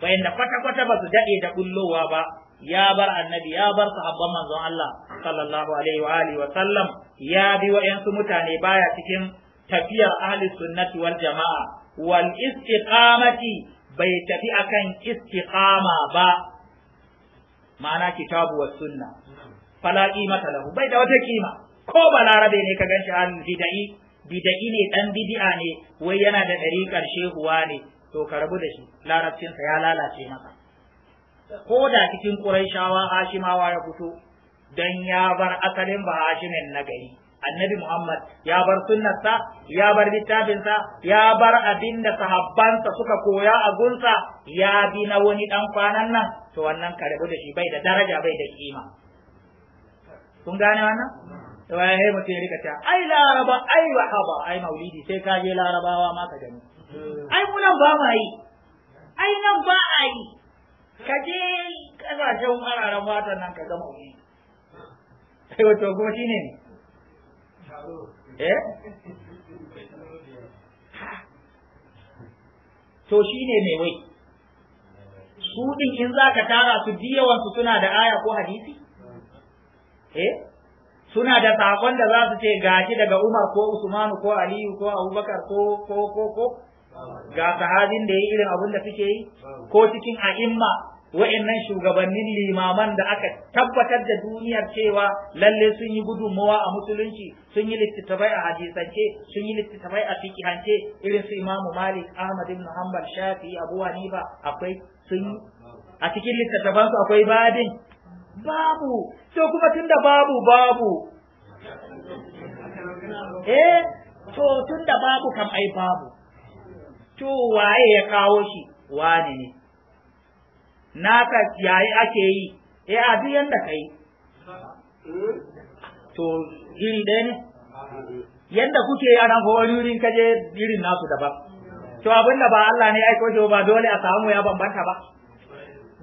wayanda kwata-kwata ba su daɗe da kullowa ba ya bar annabi ya bar sahabban manzon Allah sallallahu alaihi wa alihi wa sallam ya bi wayansu mutane baya cikin tafiyar ahli sunnati wal jama'a wal istiqamati bai tafi akan istiqama ba ma'ana kitabu was sunna fala qimata lahu bai da wata kima ko balarabe ne ka ganshi an bid'i bida'i ne dan bid'a ne wai yana da karshe shehuwa ne to ka rabu da shi larabcinsa ya lalace masa ko da cikin ƙurayshawa hashimawa ya fito dan ya bar asalin ba hashimin na gari annabi muhammad ya bar sunnarsa ya bar littafinsa ya bar abin da sahabbansa suka koya a gunsa ya bi na wani dan kwanan nan to wannan ka rabu da shi bai da daraja bai da kima kun gane wannan da waya ya mutum ya rika ta ai laraba ai wahaba ai maulidi sai ka je larabawa ma ka gani ai mu nan ba ma yi ai nan ba a yi ka je kasashen fararen watan nan ka ga maulidi sai wato kuma shi ne eh to shi ne wai su ɗin in za ka tara su diyawan su suna da aya ko hadisi eh suna da sakon da za su ce gashi daga Umar ko Usmanu ko Aliyu ko Abubakar ko ko ko ko ga sahabin da yayi irin abin da suke yi ko cikin a'imma wa'annan shugabannin limaman da aka tabbatar da duniyar cewa lalle sun yi gudunmawa a musulunci sun yi littattafai a hadisance sun yi littattafai a fiqihance irin su Imam Malik Ahmad ibn Hanbal Shafi'i Abu Hanifa akwai sun a cikin littattafansu akwai babin babu to kuma tunda babu babu eh to tunda babu kam ai babu to waye ya kawo shi Wani ne Na ka yayi ake yi eh a duk yanda kai to iri ɗaya ne yanda kuke yaran fa wani wurin kaje irin nasu daban to abin da ba Allah ne aiko shi ba dole a samu ya bambanta ba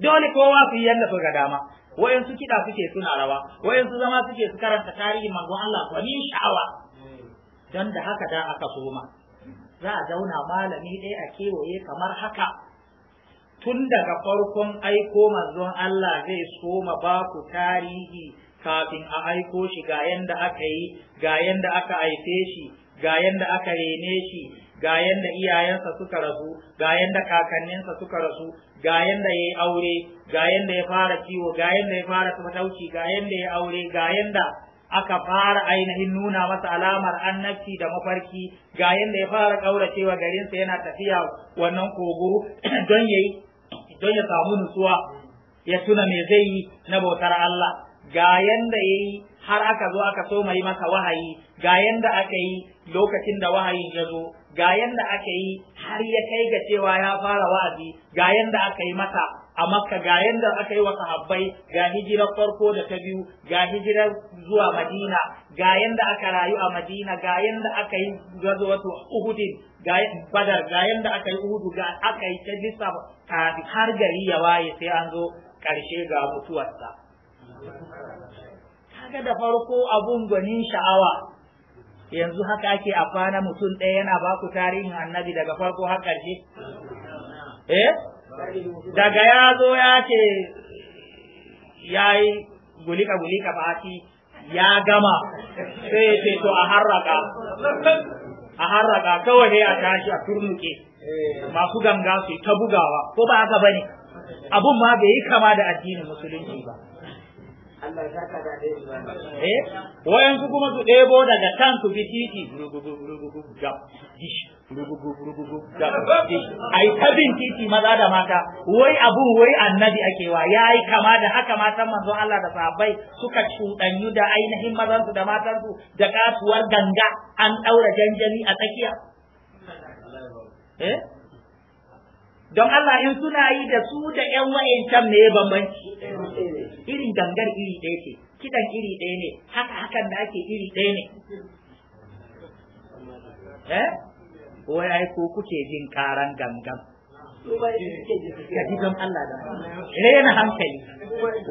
dole kowa su yi yanda suka dama wayansu kiɗa suke suna rawa wayansu zama suke su karanta tarihin manzon Allah min sha'awa don da haka da aka soma za a zauna malami ɗaya a kewaye kamar haka tun daga farkon aiko manzon Allah zai soma baku tarihi kafin a aiko shi ga yanda aka yi ga yanda aka haife shi ga yanda aka rene shi ga yanda iyayensa suka rasu ga yanda kakanninsa suka rasu ga yanda ya yi aure ga yanda ya fara ciwo ga yanda ya fara fatauci ga yanda ya aure ga yanda aka fara ainihin nuna masa alamar annabci da mafarki ga yanda ya fara kauracewa garinsa yana tafiya wannan kogo [CLEARS THROAT] don yayi don ya samu nutsuwa ya tuna me zai yi na bautar Allah ga yanda ya yi har aka zo aka so mai masa wahayi ga yanda aka yi lokacin da wahayin ya zo ga yanda aka yi har ya kai ga cewa ya fara wa'azi ga yanda aka yi masa a makka ga yanda aka yi wa sahabbai ga hijirar farko da ta biyu ga hijirar zuwa madina ga yanda aka rayu a madina ga yanda aka yi wato uhudin ga badar ga yanda aka yi uhudu ga aka yi ta bisa har gari ya waye sai an zo karshe ga mutuwarsa kaga da farko abun gwanin sha'awa yanzu haka ake a kwana mutum ɗaya yana ba ku tarihin annabi daga farko har ƙarshe eh daga ya zo ya ce ya yi gulika gulika fati ya gama sai ya to a harraka a harraka kawai a tashi a turnuke masu ganga su ta bugawa ko ba haka bane abun ma bai yi kama da addinin musulunci ba Eh, kuma su ɗebo daga can su bi titi ai bin titi maza da mata wai wai annabi ake wa yayi kama da haka matan manzon Allah da sabai suka cuɗanyu da ainihin mazansu da matansu da kasuwar ganga an ɗaura janjani a tsakiya eh don Allah in suna yi da su da ƴan wa'incan me bambanci irin gangar iri ɗaya ce kidan iri ɗaya ne haka hakan da ake iri ɗaya ne eh wai ai ko kuke jin karan gangan ka ji don Allah da rena hankali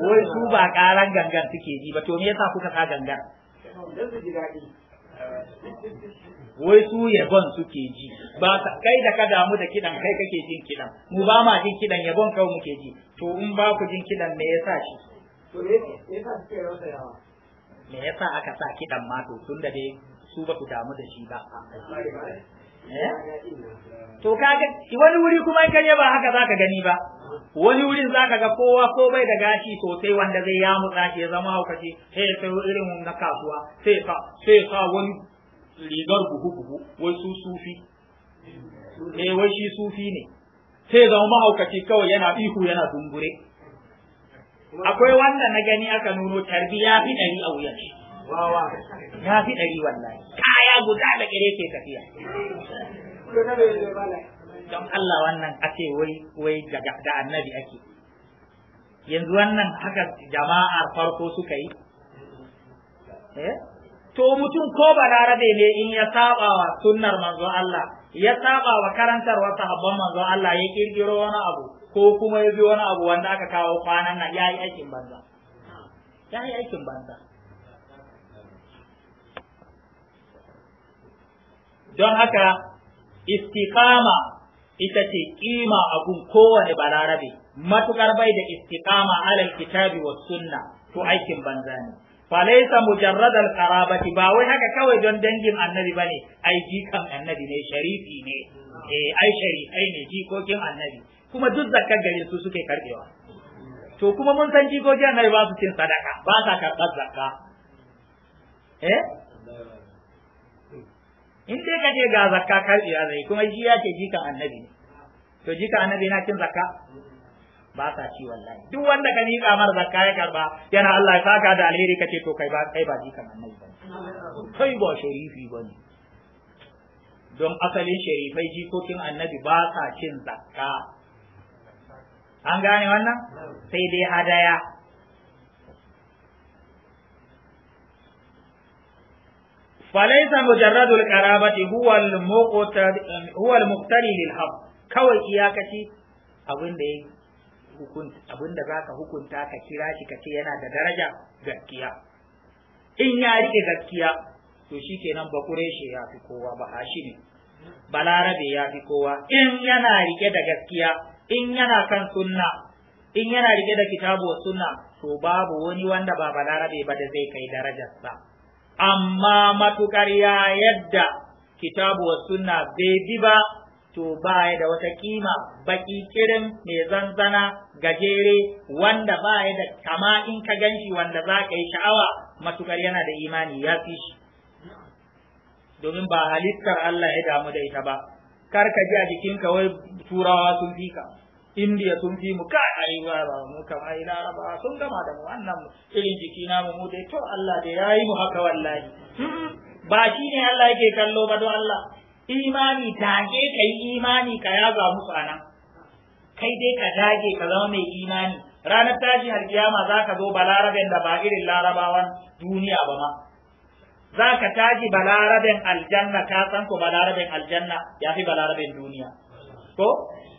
wai su ba karan gangan suke ji ba to me yasa kuka sa gangan wai su yabon suke ji ba kai da ka damu da kidan kai kake jin kidan mu ba ma jin kidan yabon kawai muke ji to in ba ku jin kidan me yasa shi to me yasa suke rasa yawa me yasa aka sa kidan ma to tunda dai su ba ku damu da shi ba eh? to kaga wani wuri kuma in kaje ba haka zaka gani ba wani wurin zaka ga kowa ko bai da gashi sosai wanda zai ya mutsa shi ya zama haukaci sai sai irin na kasuwa sai sa sai sa wani rigar buhu buhu wai su sufi eh wai shi sufi ne sai zama mahaukaci kawai yana ihu yana dungure akwai wanda na gani aka nuno tarbi ya fi ɗari a wuyan shi ya fi ɗari wallahi kaya guda da kire ke tafiya don Allah wannan ake wai wai da annabi ake yanzu wannan haka jama'ar farko suka yi eh to mutum ko balarabe ne in ya saba wa sunnar manzo Allah ya saba wa karantarwa sahabban manzo Allah ya kirkiro wani abu ko kuma ya bi wani abu wanda aka kawo kwanan nan yayi aikin banza yayi aikin banza don haka istiqama ita ce kima abun kowane balarabe matukar bai da istiqama alal kitabi was sunna to aikin banza ne falaisa mujarradal qarabati ba wai haka kawai don dangin annabi bane ai jikan annabi ne sharifi ne eh ai sharifi ne jikokin annabi kuma duk zakkar gare su suke karbewa to kuma mun san jikokin annabi ba su cin sadaka ba sa karɓar zakka eh in dai ka ga zakka karbewa zai kuma shi yake ce jikan annabi ne to jikan annabi na cin zakka ba sa ci wallahi duk wanda ka miƙa mar zakka ya karba yana Allah ya saka da alheri kace to kai ba kai ba jikan annabi ba kai ba sharifi ba ne don asalin sharifai jikokin annabi ba sa cin zakka an gane wannan sai dai hadaya falaisa mujarradul qarabati huwa al-muqtari huwa al-muqtari lil haqq kawai iyakaci abin da yake abinda za ka hukunta ka kira shi ka ce yana da daraja gaskiya in ya rike gaskiya to shi kenan bakure shi ya fi kowa ba hashimi balarabe ya fi kowa in yana rike da gaskiya in yana kan sunna in yana rike da kitabu wa sunna to babu wani wanda ba balarabe ba da zai kai darajarsa amma matukar ya yadda kitabu wa sunna bai bi ba to baya da wata kima baki kirin mai zanzana gajere wanda baya da kama in ka ganshi wanda za ka yi sha'awa matukar yana da imani ya fi shi domin ba halittar Allah ya damu da ita ba kar ka ji a jikinka wai turawa sun fi ka indiya sun fi mu kai ai ba ba mu kam ai laraba sun gama da mu wannan irin jiki na mu mu dai to Allah da yayi mu haka wallahi hmm, hmm, ba shi ne Allah yake kallo ba don Allah imani dage ka yi imani ka yaza musu anan kai dai ka dage ka zama mai imani ranar tashi kiyama za ka zo balaraben da ba irin larabawan duniya ba ma za ka tashi balaraben aljanna ka san ko balaraben aljanna ya fi balaraben duniya ko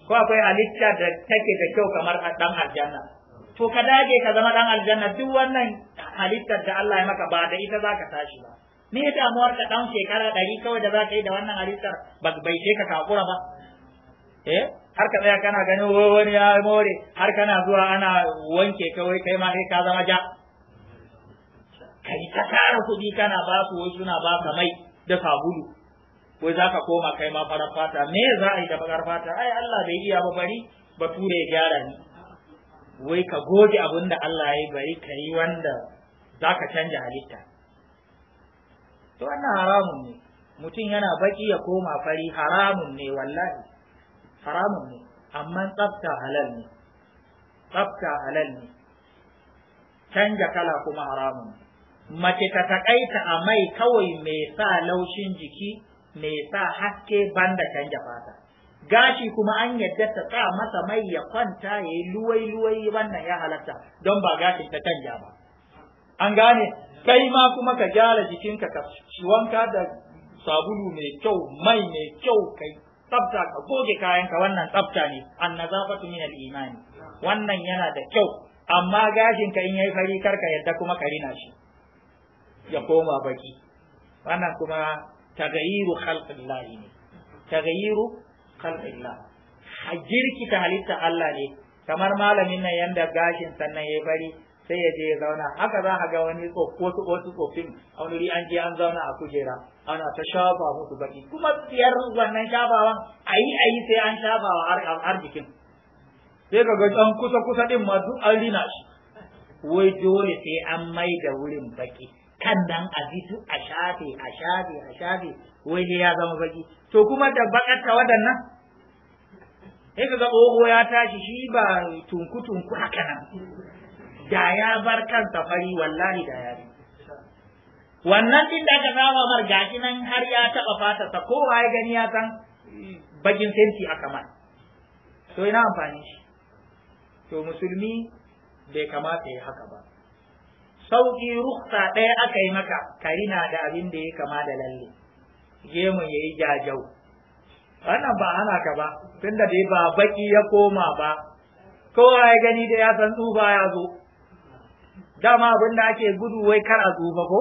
ko akwai halitta da take da kyau kamar dan aljanna to ka dage ka zama dan aljanna duk wannan halittar da Allah ya maka ba da ita za ka tashi ba me ya damuwar ka dan shekara ɗari kawai da za ka yi da wannan halittar bai ce ka kakura ba eh har ka tsaya kana ganin wani ya more har kana zuwa ana wanke kawai kai ma kai ka zama ja kai ta tara kuɗi kana ba su wasu na ba ka mai da sabulu ko za ka koma kai ma farar fata me za a yi da farar fata ai Allah bai iya ba bari ba tura ya gyara ni wai ka goge abin da Allah ya yi bari ka yi wanda za ka canja halitta to wannan haramun ne mutum yana baki ya koma fari haramun ne wallahi haramun ne amma tsafta halal ne tsafta halal ne canja kala kuma haramun ne mace ta takaita a mai kawai mai sa laushin jiki mai sa haske banda canja fata gashi kuma an yadda ta sa masa mai ya kwanta ya yi luwai-luwai wannan ya halatta don ba gashin ta canja ba an gane kai ma kuma ka gyara jikinka ka wanka da sabulu mai kyau mai mai kyau kai tsafta ka goge kayanka wannan tsafta ne annazafatu min al-imani wannan yana da kyau amma gashinka in yayi fari kar ka yadda kuma ka rina shi ya koma baki wannan kuma tagayiru khalqillah ne tagayiru khalqillah hajirki ta halitta Allah ne kamar malamin nan yanda gashin sannan yayi fari sai ya je ya zauna haka za a ga wani wasu wasu tsofin a wani an je an zauna a kujera ana ta shafa musu baki kuma biyar wannan shafawan a yi sai an shafawa har jikin sai ka ga an kusa kusa din ma duk an rina shi wai dole sai an mai da wurin baki kan nan a bitu a shafe a shafe a shafe wai sai ya zama baki to kuma da bakar ta waɗannan sai ka ga ogo ya tashi shi ba tunku tunku haka nan da ya bar kansa fari wallahi da ya bi wannan din da aka saba mar gashi nan har ya taba fata sa kowa ya gani ya san bakin senti aka kamar. to ina amfani shi to musulmi bai kamata ya haka ba sauki ruksa ɗaya aka yi maka karina da abin da ya kama da lalle gemun ya yi jajau wannan ba hana ka ba tunda dai ba baki ya koma ba kowa ya gani da ya san tsufa ya zo dama abin da ake gudu wai kar a tsufa ko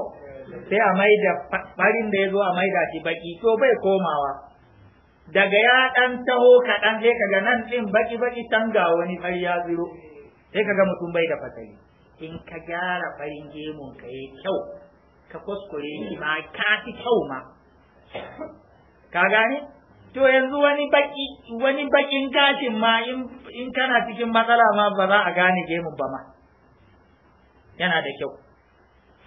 sai a maida farin da ya zo a maida shi baki to bai komawa daga ya dan taho kaɗan sai kaga nan ɗin baki baki can ga wani fari ya tsiro sai kaga mutum bai da fasali in ka gyara farin gemun ka yi kyau ka kuskure shi ma ka fi kyau ma ka gane to yanzu wani baki wani bakin gashin ma in kana cikin matsala ma ba za a gane gemun ba ma yana da kyau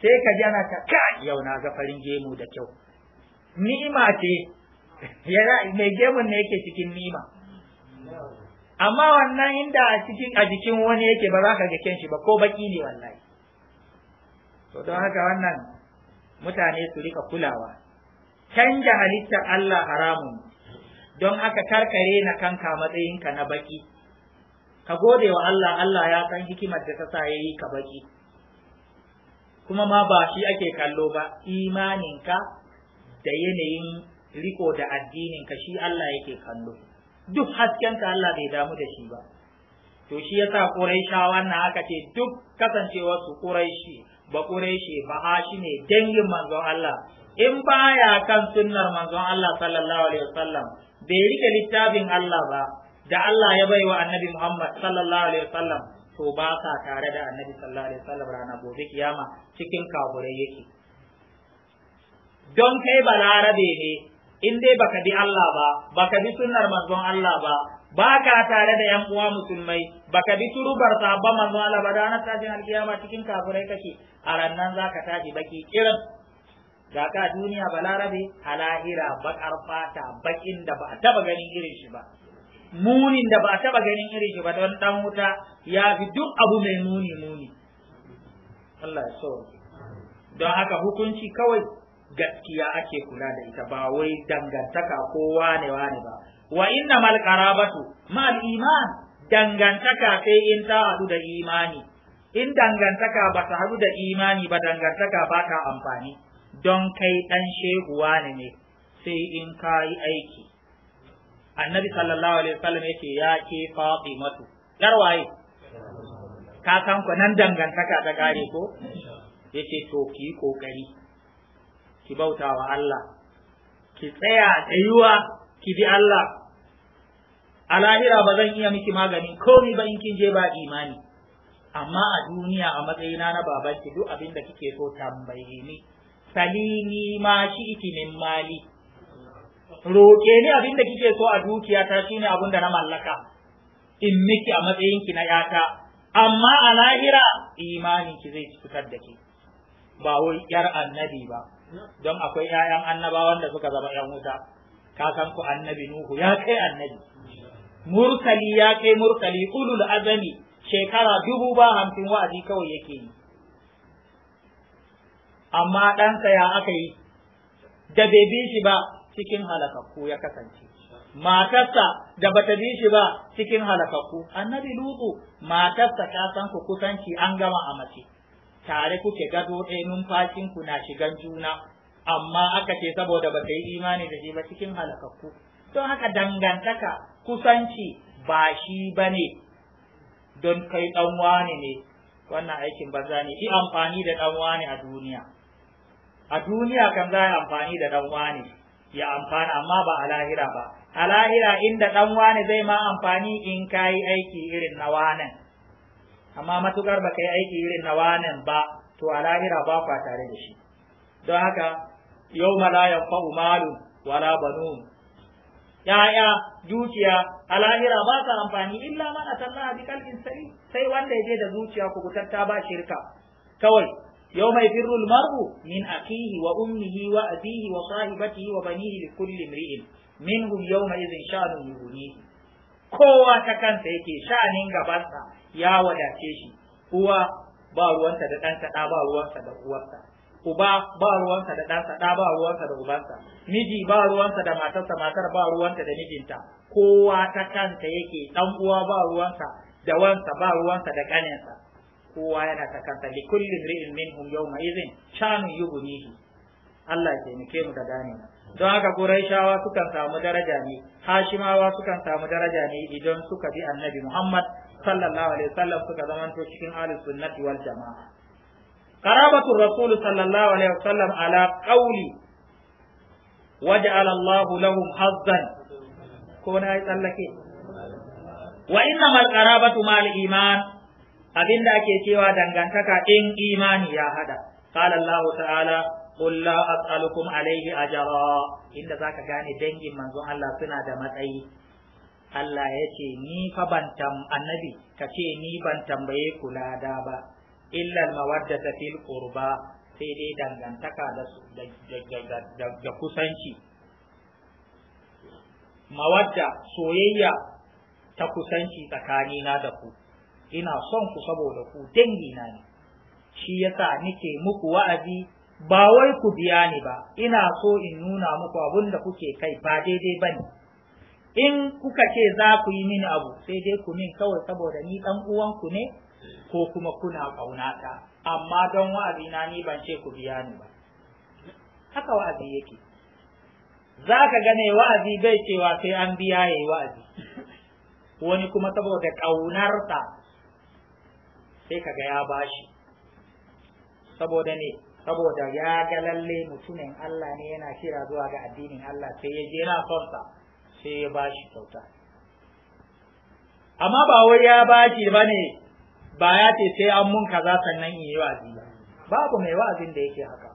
sai ka ana ta ka yau na ga farin gemu da kyau ni'ima ce mai gemun ne yake cikin ni'ima amma wannan inda a cikin a jikin wani yake ba za ka ga shi ba ko baki ne wallahi to don haka wannan mutane su rika kulawa canja halittar Allah haramun don aka karkare na kanka matsayinka na baki ka gode wa Allah Allah ya san hikimar da ta sa yayi ka baki kuma ma ba shi ake kallo ba imaninka da yanayin riko da addininka shi Allah yake kallo duk hasken ka Allah bai damu da shi ba to shi yasa Qurayshawa na aka ce duk kasancewar su Qurayshi ba Qurayshi ba shi ne dangin manzon Allah in baya kan sunnar manzon Allah sallallahu alaihi wasallam bai rike littafin Allah ba da Allah ya baiwa Annabi Muhammad sallallahu alaihi wasallam to ba ka tare da annabi sallallahu alaihi wasallam rana gobe kiyama cikin kafurai yake don kai balarabe ne in dai baka bi Allah ba baka bi sunnar manzon Allah ba baka tare da yan uwa musulmai baka bi turubar sabon manzon Allah ba ranar tashin alkiyama cikin kafurai kake a rannan zaka tashi baki irin da ka duniya balarabe a lahira bakar fata bakin da ba a taba ganin irin shi ba munin da ba a taba ganin iri shi ba don dan wuta ya fi duk abu mai muni muni Allah ya so don haka hukunci kawai gaskiya ake kula da ita ba wai dangantaka ko wane wane ba wa inna mal qarabatu mal iman dangantaka sai in ta hadu da imani in dangantaka ba ta hadu da imani ba dangantaka ba ta amfani don kai dan shehuwa ne sai in ka yi aiki annabi sallallahu alaihi wasallam yake ya ke fatimatu garwaye ka san ku nan dangantaka ta gare ko yace to ki kokari ki bauta wa Allah ki tsaya tsayuwa ki bi Allah a lahira ba zan iya miki magani komai ba in kin je ba imani amma a duniya a matsayina na babanki duk abin da kike so tambaye ni salini ma shi min mali roƙe ni abin da kike so a dukiyata shine abin da na mallaka in miki a matsayin ki na yata amma a lahira imani ki zai fitar da ke ba wai yar annabi ba don akwai 'ya'yan annabawan da suka zama 'yan wuta ka san ku annabi nuhu ya kai annabi murtali ya kai murtali ulul azami shekara dubu ba hamsin wa'azi kawai yake yi amma ɗansa ya aka yi da bai bi shi ba cikin halakakku ya kasance matarsa da bata bi shi ba cikin halakakku annabi lutu matarsa ta san ku kusanci an gama a mace tare kuke gado ɗaya numfashin ku na shigan juna amma aka ce saboda bata yi imani da shi ba cikin halakakku don haka dangantaka kusanci ba shi ne don kai dan ne wannan aikin banza ne yi amfani da dan a duniya a duniya kan za a amfani da ɗanwa ne ya amfana amma ba a lahira ba a lahira inda dan wani zai ma amfani in kayi aiki irin na wanan amma matukar ba kai aiki irin na wanan ba to a lahira ba kwa tare da shi don haka yau la yanfa'u malu wala banun ya'ya dukiya a lahira ba ta amfani illa man atallaha bi kalbin sai wanda ya je da zuciya ku ta ba shirka kawai يوم يفر المرء من أخيه وأمه وأبيه وصاحبته وبنيه لكل امرئ منهم يومئذ شأن يغنيه كوا تكن kansa yake sha'anin يا ya wadace هو uwa ba ruwansa da ɗansa ɗa uba ba ruwansa da ɗansa ɗa ba ruwansa da ubansa miji ba ruwansa da matarsa matar ba ruwansa da mijinta kowa ta kanta yake ɗan uwa ba ruwansa da wansa ba ruwansa da kowa yana ta kansa li kulli imri'in minhum yawma idhin shanu yughnihi Allah ya taimake mu da gane don haka Qurayshawa sukan samu daraja ne Hashimawa sukan samu daraja ne idan suka bi Annabi Muhammad sallallahu alaihi wasallam suka zamanto cikin ahlus sunnati wal jama'a qarabatu rasul sallallahu alaihi wasallam ala qawli waj'ala Allahu lahum hazzan ko na yi tsallake wa innamal qarabatu mal iman Abinda ake cewa dangantaka in imani ya hada qala Allah ta'ala qul la as'alukum alayhi ajra inda zaka gane dangin manzon Allah suna da matsayi Allah ya ce ni fa ban tam annabi ka ce ni ban tambaye ku lada ba illa mawaddata fil qurba sai dai dangantaka da da kusanci mawadda soyayya ta kusanci tsakanina da ku ina son ku saboda ku dangi na ne shi yasa nake muku wa'azi ba wai ku biya ni ba ina so in nuna muku abun da kuke kai ba daidai bane in kuka ce za ku yi mini abu sai dai ku min kawai saboda ni dan uwanku ne ko kuma kuna ƙaunata amma don wa'azi na ni ban ce ku biya ni ba haka wa'azi yake za ka gane wa'azi bai cewa sai an biya ya yi wa'azi wani kuma saboda ƙaunarsa sai kaga ya bashi saboda ne saboda ya ga lalle mutumin Allah ne yana kira zuwa ga addinin Allah sai ya je na sonsa sai ya bashi kyauta amma ba wai ya bashi bane ba ya ce sai an mun kaza sannan in yi wa'azi ba, babu mai wa'azin da yake haka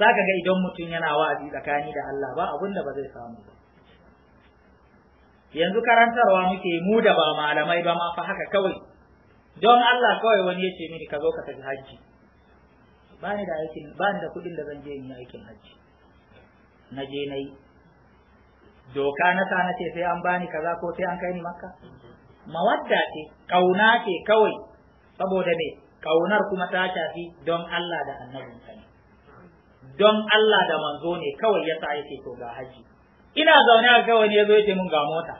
zaka ga idan mutum yana wa'azi tsakani da Allah ba abunda ba zai samu ba yanzu karantarwa muke mu da ba malamai ba ma fa haka kawai don Allah kawai wani yace mini ka zo ka tafi hajji bani da aikin bani da kudin da zan je yin aikin hajji na je nayi doka na sa na ce sai an bani kaza ko sai an kai ni makka mawadda ce kauna ce kawai saboda me kaunar kuma ta tafi don Allah da annabinsa ne don Allah da manzo ne kawai yasa yake to ga haji ina zaune a kai wani ya zo ya ce mun ga mota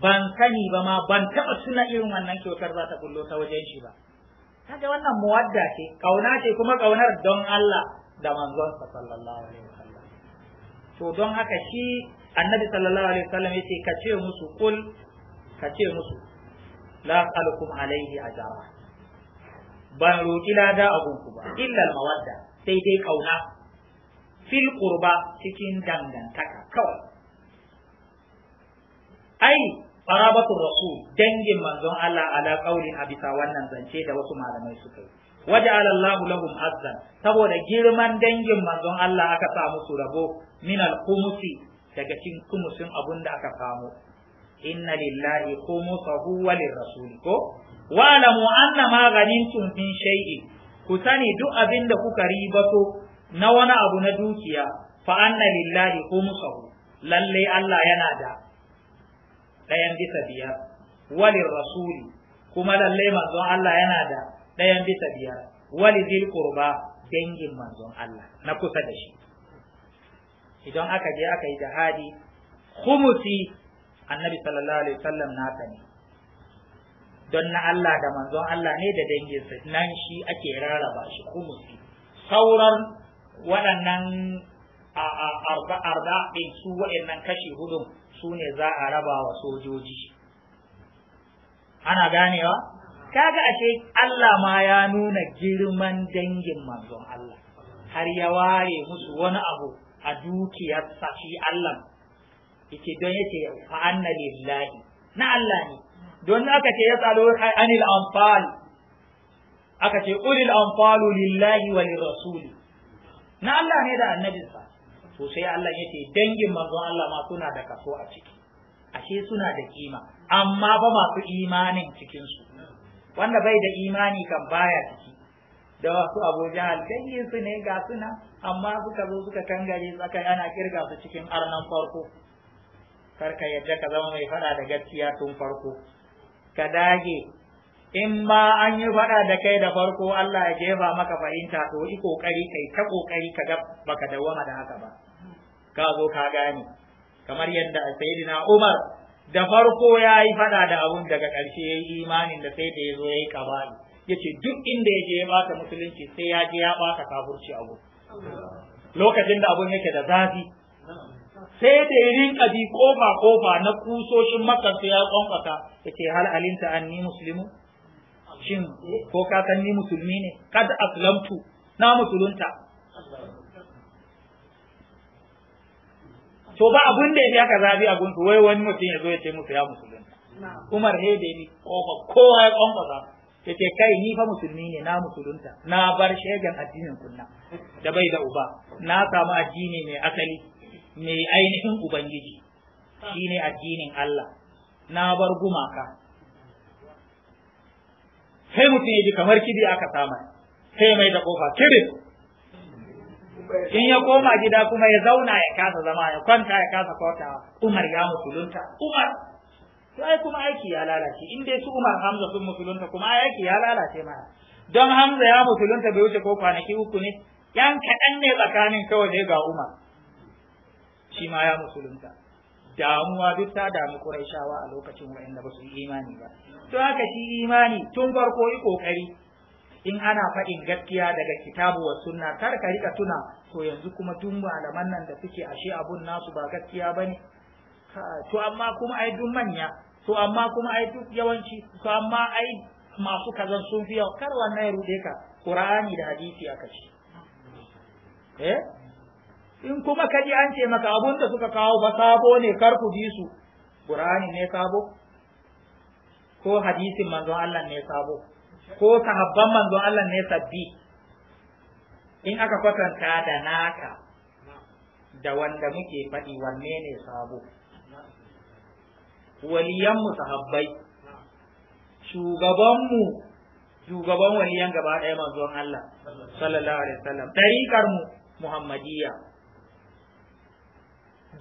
ban sani ba ma ban taɓa suna irin wannan kyautar za ta kullo ta wajen shi ba kaga wannan muwadda ce kauna ce kuma kaunar don Allah da manzonsa sallallahu alaihi wasallam to don haka shi annabi sallallahu alaihi wasallam yace ka ce musu kul ka ce musu la as'alukum alaihi ajara ban roki lada ku ba illa mawadda sai dai kauna fil kurba cikin dangantaka kawai ai qarabatu rasul dangin manzon Allah ala qaulin a bisa wannan zance da wasu malamai suka yi waja'ala Allahu lahum azzan saboda girman dangin manzon Allah aka sa musu rabo min al-khumusi daga cikin kumusin abun da aka samu inna lillahi khumusahu wa lirrasul ko wa lamu anna ma ghanimtum min shay'in ku sani duk abin da kuka ribato na wani abu na dukiya fa anna lillahi khumsahu lalle Allah yana da ɗayan bisa biyar walin rasuli kuma lalle manzon Allah yana da ɗayan bisa biyar wali zil kurba dangin manzon Allah na kusa da shi idan aka je aka yi jihadi khumusi annabi sallallahu alaihi wasallam naka ne don na Allah da manzon Allah ne da danginsa nan shi ake rarraba shi khumusi sauran waɗannan arba ɗin su waɗannan kashi hudun su ne za a raba wa sojoji ana ganewa kaga ashe Allah ma ya nuna girman dangin manzon Allah har ya ware musu wani abu a dukiyar shi Allah yace don yace fa anna lillahi na Allah ne don aka ce ya tsalo anil anfal aka ce ulil anfalu lillahi wa lirrasuli na Allah ne da annabinsa to sai Allah ya dangin manzon Allah ma suna da kaso a ciki ashe suna da kima amma ba masu imanin cikin su wanda bai da imani kan baya ciki da wasu abuja dangin su ne ga suna amma suka zo suka kangare tsakai ana kirga su cikin arnan farko karka yadda ka zama mai fada da gaskiya tun farko ka dage in ma an yi faɗa da kai da farko Allah ya jefa maka fahimta to yi kokari kai ta kokari ka ga baka dawama da haka ba ka zo ka gane kamar yadda sayyidina Umar da farko ya yi faɗa da abun daga ƙarshe ya yi imanin da sai da ya zo ya yi kabali ya ce duk inda ya je ya baka musulunci sai ya je ya baka kafurci abu lokacin da abun yake da zafi sai da ya rinka bi kofa kofa na kusoshin makar sai ya kwankwasa ya ce hal an anni musulmin? shin ko ka san ni musulmi ne kad aslamtu na musulunta to ba abun da ya haka zabi a to wai wani mutum ya zo ya ce musu ya musulunta Umar he da ni ko ai ya ba ta ce kai ni fa musulmi ne na musulunta na bar shegan addinin kunna da bai da uba na samu addini mai asali mai ainihin ubangiji shine addinin Allah na bar gumaka sai mutum ya ji kamar kidi aka sama sai mai da kofa kirin in ya koma gida kuma ya zauna ya kasa zama ya kwanta ya kasa kwata umar ya musulunta umar su ai kuma aiki ya lalace in dai su umar hamza sun musulunta kuma aiki ya lalace mana don hamza ya musulunta bai wuce ko kwanaki uku ne yan kaɗan ne tsakanin kawai ne ga umar shi ma ya musulunta damuwa duk ta damu shawa a lokacin waɗanda ba su yi imani ba to haka shi imani tun farko yi kokari in ana faɗin gaskiya daga kitabu wa sunna kar ka rika tuna to yanzu kuma tun malaman nan da suke ashe abun nasu ba gaskiya ba ne? to amma kuma ai duk manya to amma kuma ai duk yawanci to amma ai masu kazan sun fi yawa kar wannan ya rude ka qur'ani da hadisi aka ce eh in kuma kaji an ce maka abun da suka kawo ba sabo ne kar ku bi su qur'ani ne sabo ko hadisin manzon Allah ne sabo ko sahabban manzon Allah ne sabbi in aka kwatanta da naka da wanda muke faɗi wanne ne sabo waliyanmu sahabbai shugabanmu shugaban waliyan gaba ɗaya manzon Allah sallallahu alaihi wasallam tariƙar mu muhammadiyya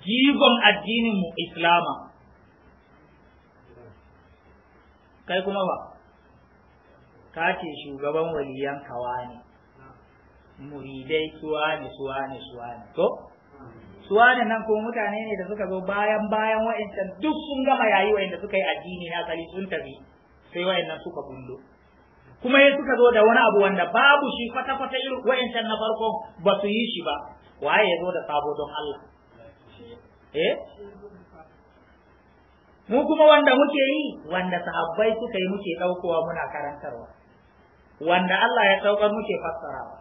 jigon addinin mu islama kai kuma ba ka ce shugaban waliyan kawa ne muridai suwa ne suwa ne suwa ne to suwa ne nan ko mutane ne da suka zo bayan bayan wa'ancan duk sun gama yayi wa'anda suka yi addini na asali sun tafi sai wa'annan suka gundo kuma ya suka zo da wani abu wanda babu shi kwata-kwata irin wa'ancan na farko ba su yi shi ba waye ya zo da sabo don Allah eh mu kuma wanda muke yi wanda sahabbai suka yi muke ɗaukowa muna karantarwa wanda Allah ya saukar muke fassarawa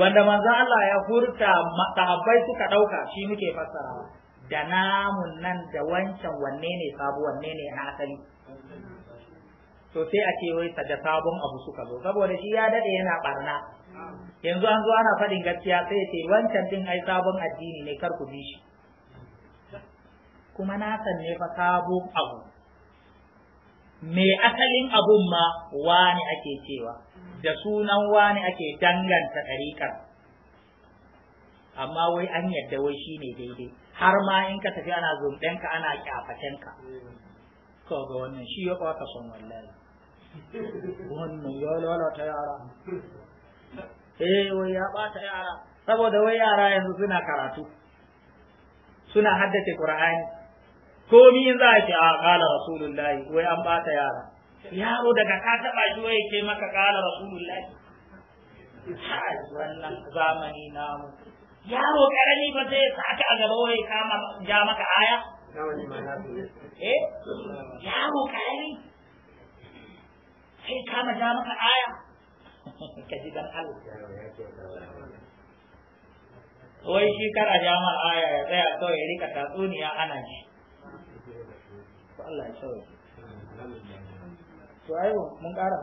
wanda manzon Allah ya furta sahabbai suka ɗauka shi muke fassarawa da namun nan da wancan wanne ne sabo wanne ne na asali to sai a ce wai da sabon abu suka zo saboda shi ya dade yana barna yanzu an zo ana faɗin gaskiya sai ce wancan din ai sabon addini ne kar ku bi shi kuma na ne fa sabon abu me asalin abun ma wani ake cewa da sunan wani ake danganta ɗariƙar amma wai an yadda wai shi ne daidai har ma in ka tafi ana zumɗenka ana kyafatenka to ga wannan shi ya ɓata son wallahi wannan ya lalata yara eh wai ya ɓata yara saboda wai yara yanzu suna karatu suna haddace Qur'ani komi in za a ce a ah, kala rasulullahi wai an bata yara yaro daga ka taba shi wai ke maka kala rasulullahi wannan zamani namu yaro karami ba zai saka a gaba wai kama ja maka aya eh yaro karami sai kama ja maka aya [LAUGHS] ka ji dan Allah wai shi kara ja aya ya tsaya kawai ya rika tatsuniya ana shi to Allah ya to ai mun ƙara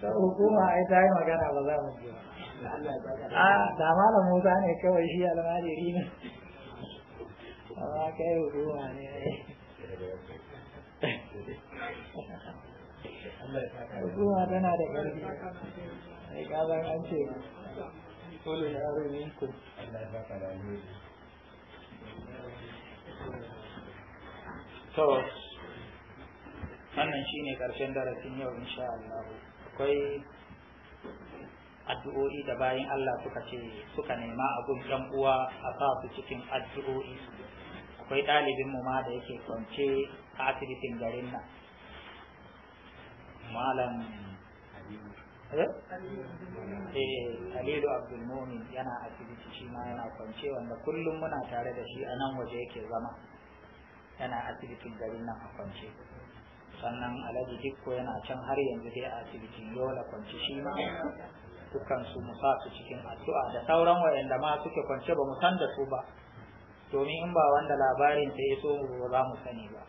ta hukuma ai ta yi magana ba za mu ji a da malam Musa ne kawai shi almajiri ne amma kai hukuma ne ai zuwa tana da ƙarfi ƙazan an ce ne ku to wannan shine ƙarshen darasin yau insha Allah akwai addu'o'i da bayan Allah suka ce suka nema abun ɗan uwa a sa su cikin addu'o'i akwai ɗalibin mu ma da yake kwance a asibitin garin nan malam Halilu eh? Eh, Abdulmumin yana asibiti shi ma yana kwance wanda kullum muna tare da shi a nan waje yake zama yana asibitin garin nan a kwance sannan Alhaji Dikko yana can har yanzu dai a asibitin Yola kwance shi ma dukkan su mu su cikin addu'a da sauran wayanda ma suke kwance ba mu san da su ba domin in ba wanda labarin sai ya so mu ba mu sani ba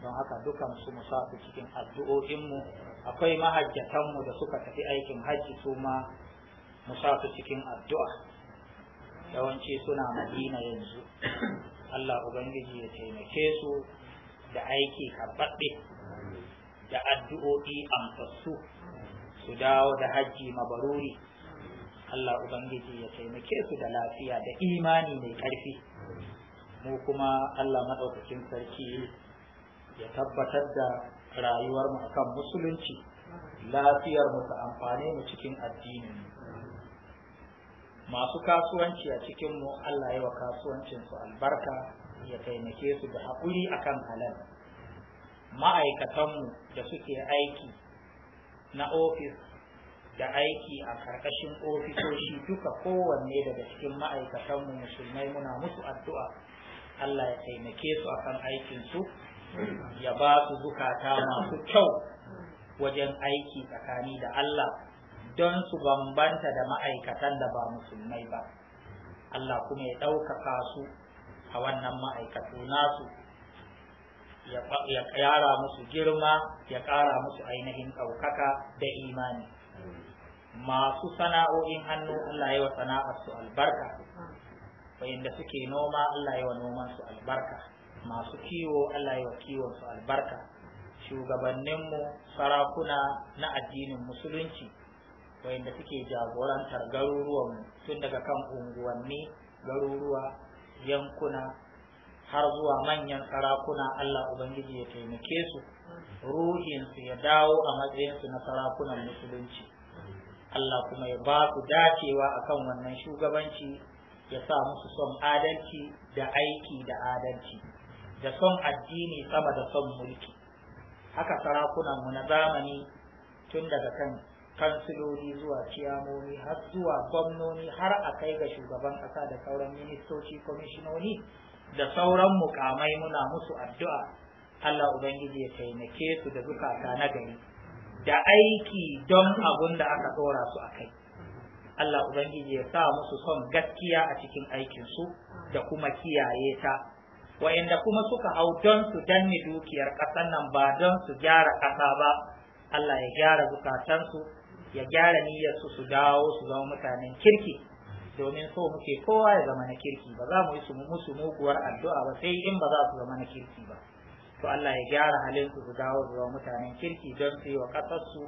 don haka dukan su mu su cikin addu'o'inmu akwai mahajjatanmu da suka tafi aikin hajji su ma mu cikin addu'a yawanci suna madina yanzu Allah Ubangiji ya taimake su da aiki karɓaɓɓe da addu'o'i amfassu su dawo da hajji mabaruri Allah Ubangiji ya taimake su da lafiya da imani mai ƙarfi mu kuma Allah maɗaukakin sarki ya tabbatar da rayuwar mu kan musulunci lafiyar mu ta amfane mu cikin addini masu kasuwanci a cikin mu Allah ya wa kasuwancin su albarka ya taimake su da haƙuri akan halal ma'aikatanmu da suke aiki na ofis da aiki a karkashin ofisoshi duka kowanne daga cikin ma'aikatanmu musulmai muna musu addu'a Allah ya taimake su akan aikinsu ya ba su zukata masu kyau wajen aiki tsakani da Allah don su bambanta da ma'aikatan da ba musulmai ba Allah kuma ya ɗaukaka su a wannan ma'aikatu nasu ya ƙara musu girma ya ƙara musu ainihin ɗaukaka da imani masu sana'o'in hannu Allah yi wa sana'ar su albarka wayanda suke noma Allah yi wa noman su albarka masu kiwo Allah ya kiwon su albarka shugabanninmu sarakuna na addinin musulunci wayanda suke jagorantar garuruwanmu tun daga kan unguwanni garuruwa yankuna har zuwa manyan sarakuna Allah Ubangiji ya taimake su ruhinsu ya dawo a matsayinsu na sarakunan musulunci Allah kuma ya ba su dacewa akan wannan shugabanci ya sa musu son adalci da aiki da adalci da son addini sama da son mulki haka mu na zamani tun daga kan kansiloli zuwa ciyamomi har zuwa gwamnoni har a kai ga shugaban ƙasa da sauran ministoci kwamishinoni da sauran mukamai muna musu addu'a Allah Ubangiji ya taimake su da zukata na gari da aiki don abun da aka tsora su a kai Allah Ubangiji ya sa musu son gaskiya a cikin aikinsu da kuma kiyaye ta wa'inda kuma suka hau don su danne dukiyar ƙasar nan ba don su gyara ƙasa ba Allah ya gyara zukatansu ya gyara niyyarsu su dawo su zama mutanen kirki domin so muke kowa ya zama na kirki ba za mu yi su musu muguwar addu'a ba sai in ba za su zama na kirki ba to Allah ya gyara halin su su dawo su zama mutanen kirki don su yi wa ƙasarsu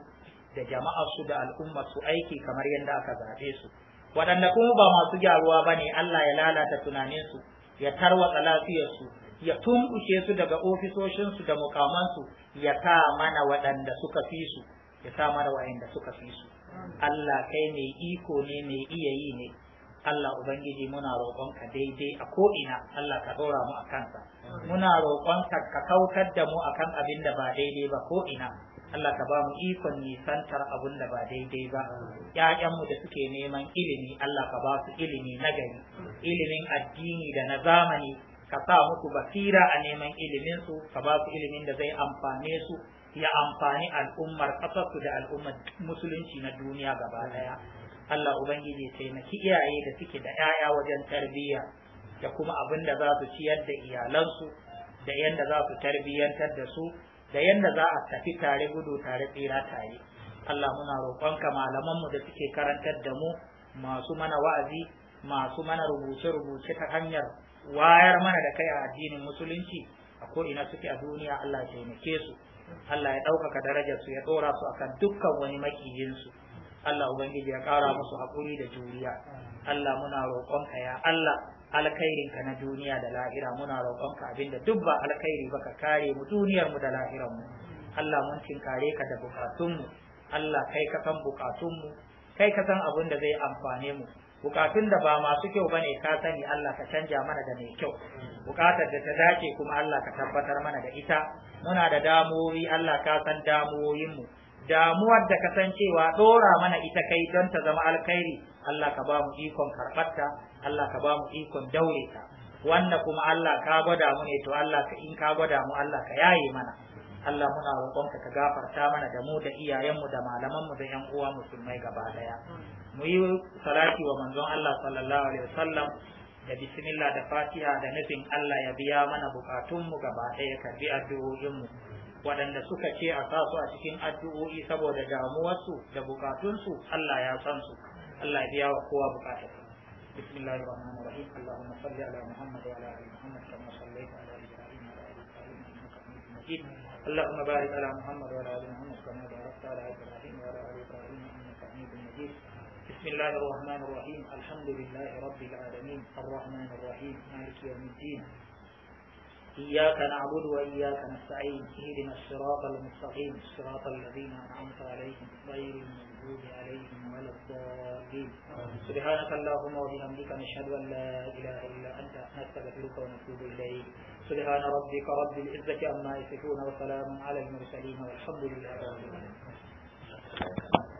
da jama'arsu da al'ummarsu aiki kamar yadda aka zaɓe su waɗanda kuma ba masu gyaruwa ba ne Allah ya lalata tunaninsu ya tarwatsa lafiyarsu ya tumɓuke su daga ofisoshinsu da mukamansu ya sa mana waɗanda suka fi su ya sa mana waɗanda suka fi su Allah kai mai iko ne mai iya yi ne Allah Ubangiji muna roƙonka daidai a ko'ina Allah ka ɗora mu a kansa muna roƙonka ka kautar da mu akan abin da ba daidai ba ko'ina Allah ka ba mu ikon nisantar abun da ba daidai ba ƴaƴanmu da suke neman ilimi Allah ka ba su ilimi na gari ilimin addini da na zamani ka sa musu basira a neman ilimin su ka ba su ilimin da zai amfane su ya amfani al'ummar su da al'ummar musulunci na duniya gaba ɗaya Allah ubangiji taimaki iyaye da suke da ƴaƴa wajen tarbiyya da kuma abin da za su ciyar da iyalansu da yadda za su tarbiyyantar da su da yadda za a tafi tare gudu tare tsira tare Allah muna roƙonka malamanmu da suke karantar da mu masu mana wa'azi masu mana rubuce-rubuce ta hanyar wayar mana da kai a addinin musulunci a ko'ina suke a duniya Allah ya taimake su Allah ya ɗaukaka darajarsu ya ɗora su akan dukkan wani makiyinsu Allah Ubangiji ya ƙara musu haƙuri da juriya Allah muna roƙonka ya Allah alkhairin ka na duniya da lahira muna roƙon ka abinda duk ba alkhairi ba ka kare mu duniyar mu da lahirar mu Allah mun tinkare ka da bukatunmu. Allah kai ka san bukatun kai ka san abin da zai amfane mu bukatun da ba masu kyau bane ka sani Allah ka canja mana da mai kyau bukatar da ta dace kuma Allah ka tabbatar mana da ita muna da damuwoyi Allah ka san damuwoyin damuwar da cewa dora mana ita kai don ta zama alkhairi Allah ka ba mu ikon karɓarta Allah ka ba mu ikon daure ta wannan kuma Allah ka gwada mu ne to Allah ka in ka gwada mu Allah ka yaye mana Allah muna roƙonka ka gafarta mana da mu da iyayenmu da malaman mu da ƴan uwa musulmai gaba daya mu yi salati wa manzon Allah sallallahu alaihi wasallam da bismillah da fatiha da nufin Allah ya biya mana bukatunmu gaba daya ka bi addu'o'inmu waɗanda suka ce a sa su a cikin addu'o'i saboda damuwarsu da bukatunsu Allah ya san su الله يا هو بكاتب بسم الله الرحمن الرحيم اللهم صل على محمد وعلى ال محمد كما صليت على ابراهيم وعلى ال ابراهيم انك حميد مجيد اللهم بارك على محمد وعلى ال محمد كما باركت على ابراهيم وعلى ال ابراهيم انك حميد مجيد بسم الله الرحمن الرحيم الحمد لله رب العالمين الرحمن الرحيم مالك يوم الدين إياك نعبد وإياك نستعين اهدنا الصراط المستقيم الصراط الذين أنعمت عليهم غير المغضوب المغضوب عليهم ولا الضالين سبحانك اللهم وبحمدك نشهد ان لا اله الا انت نستغفرك ونتوب اليك سبحان ربك رب العزه عما يصفون وسلام على المرسلين والحمد لله رب العالمين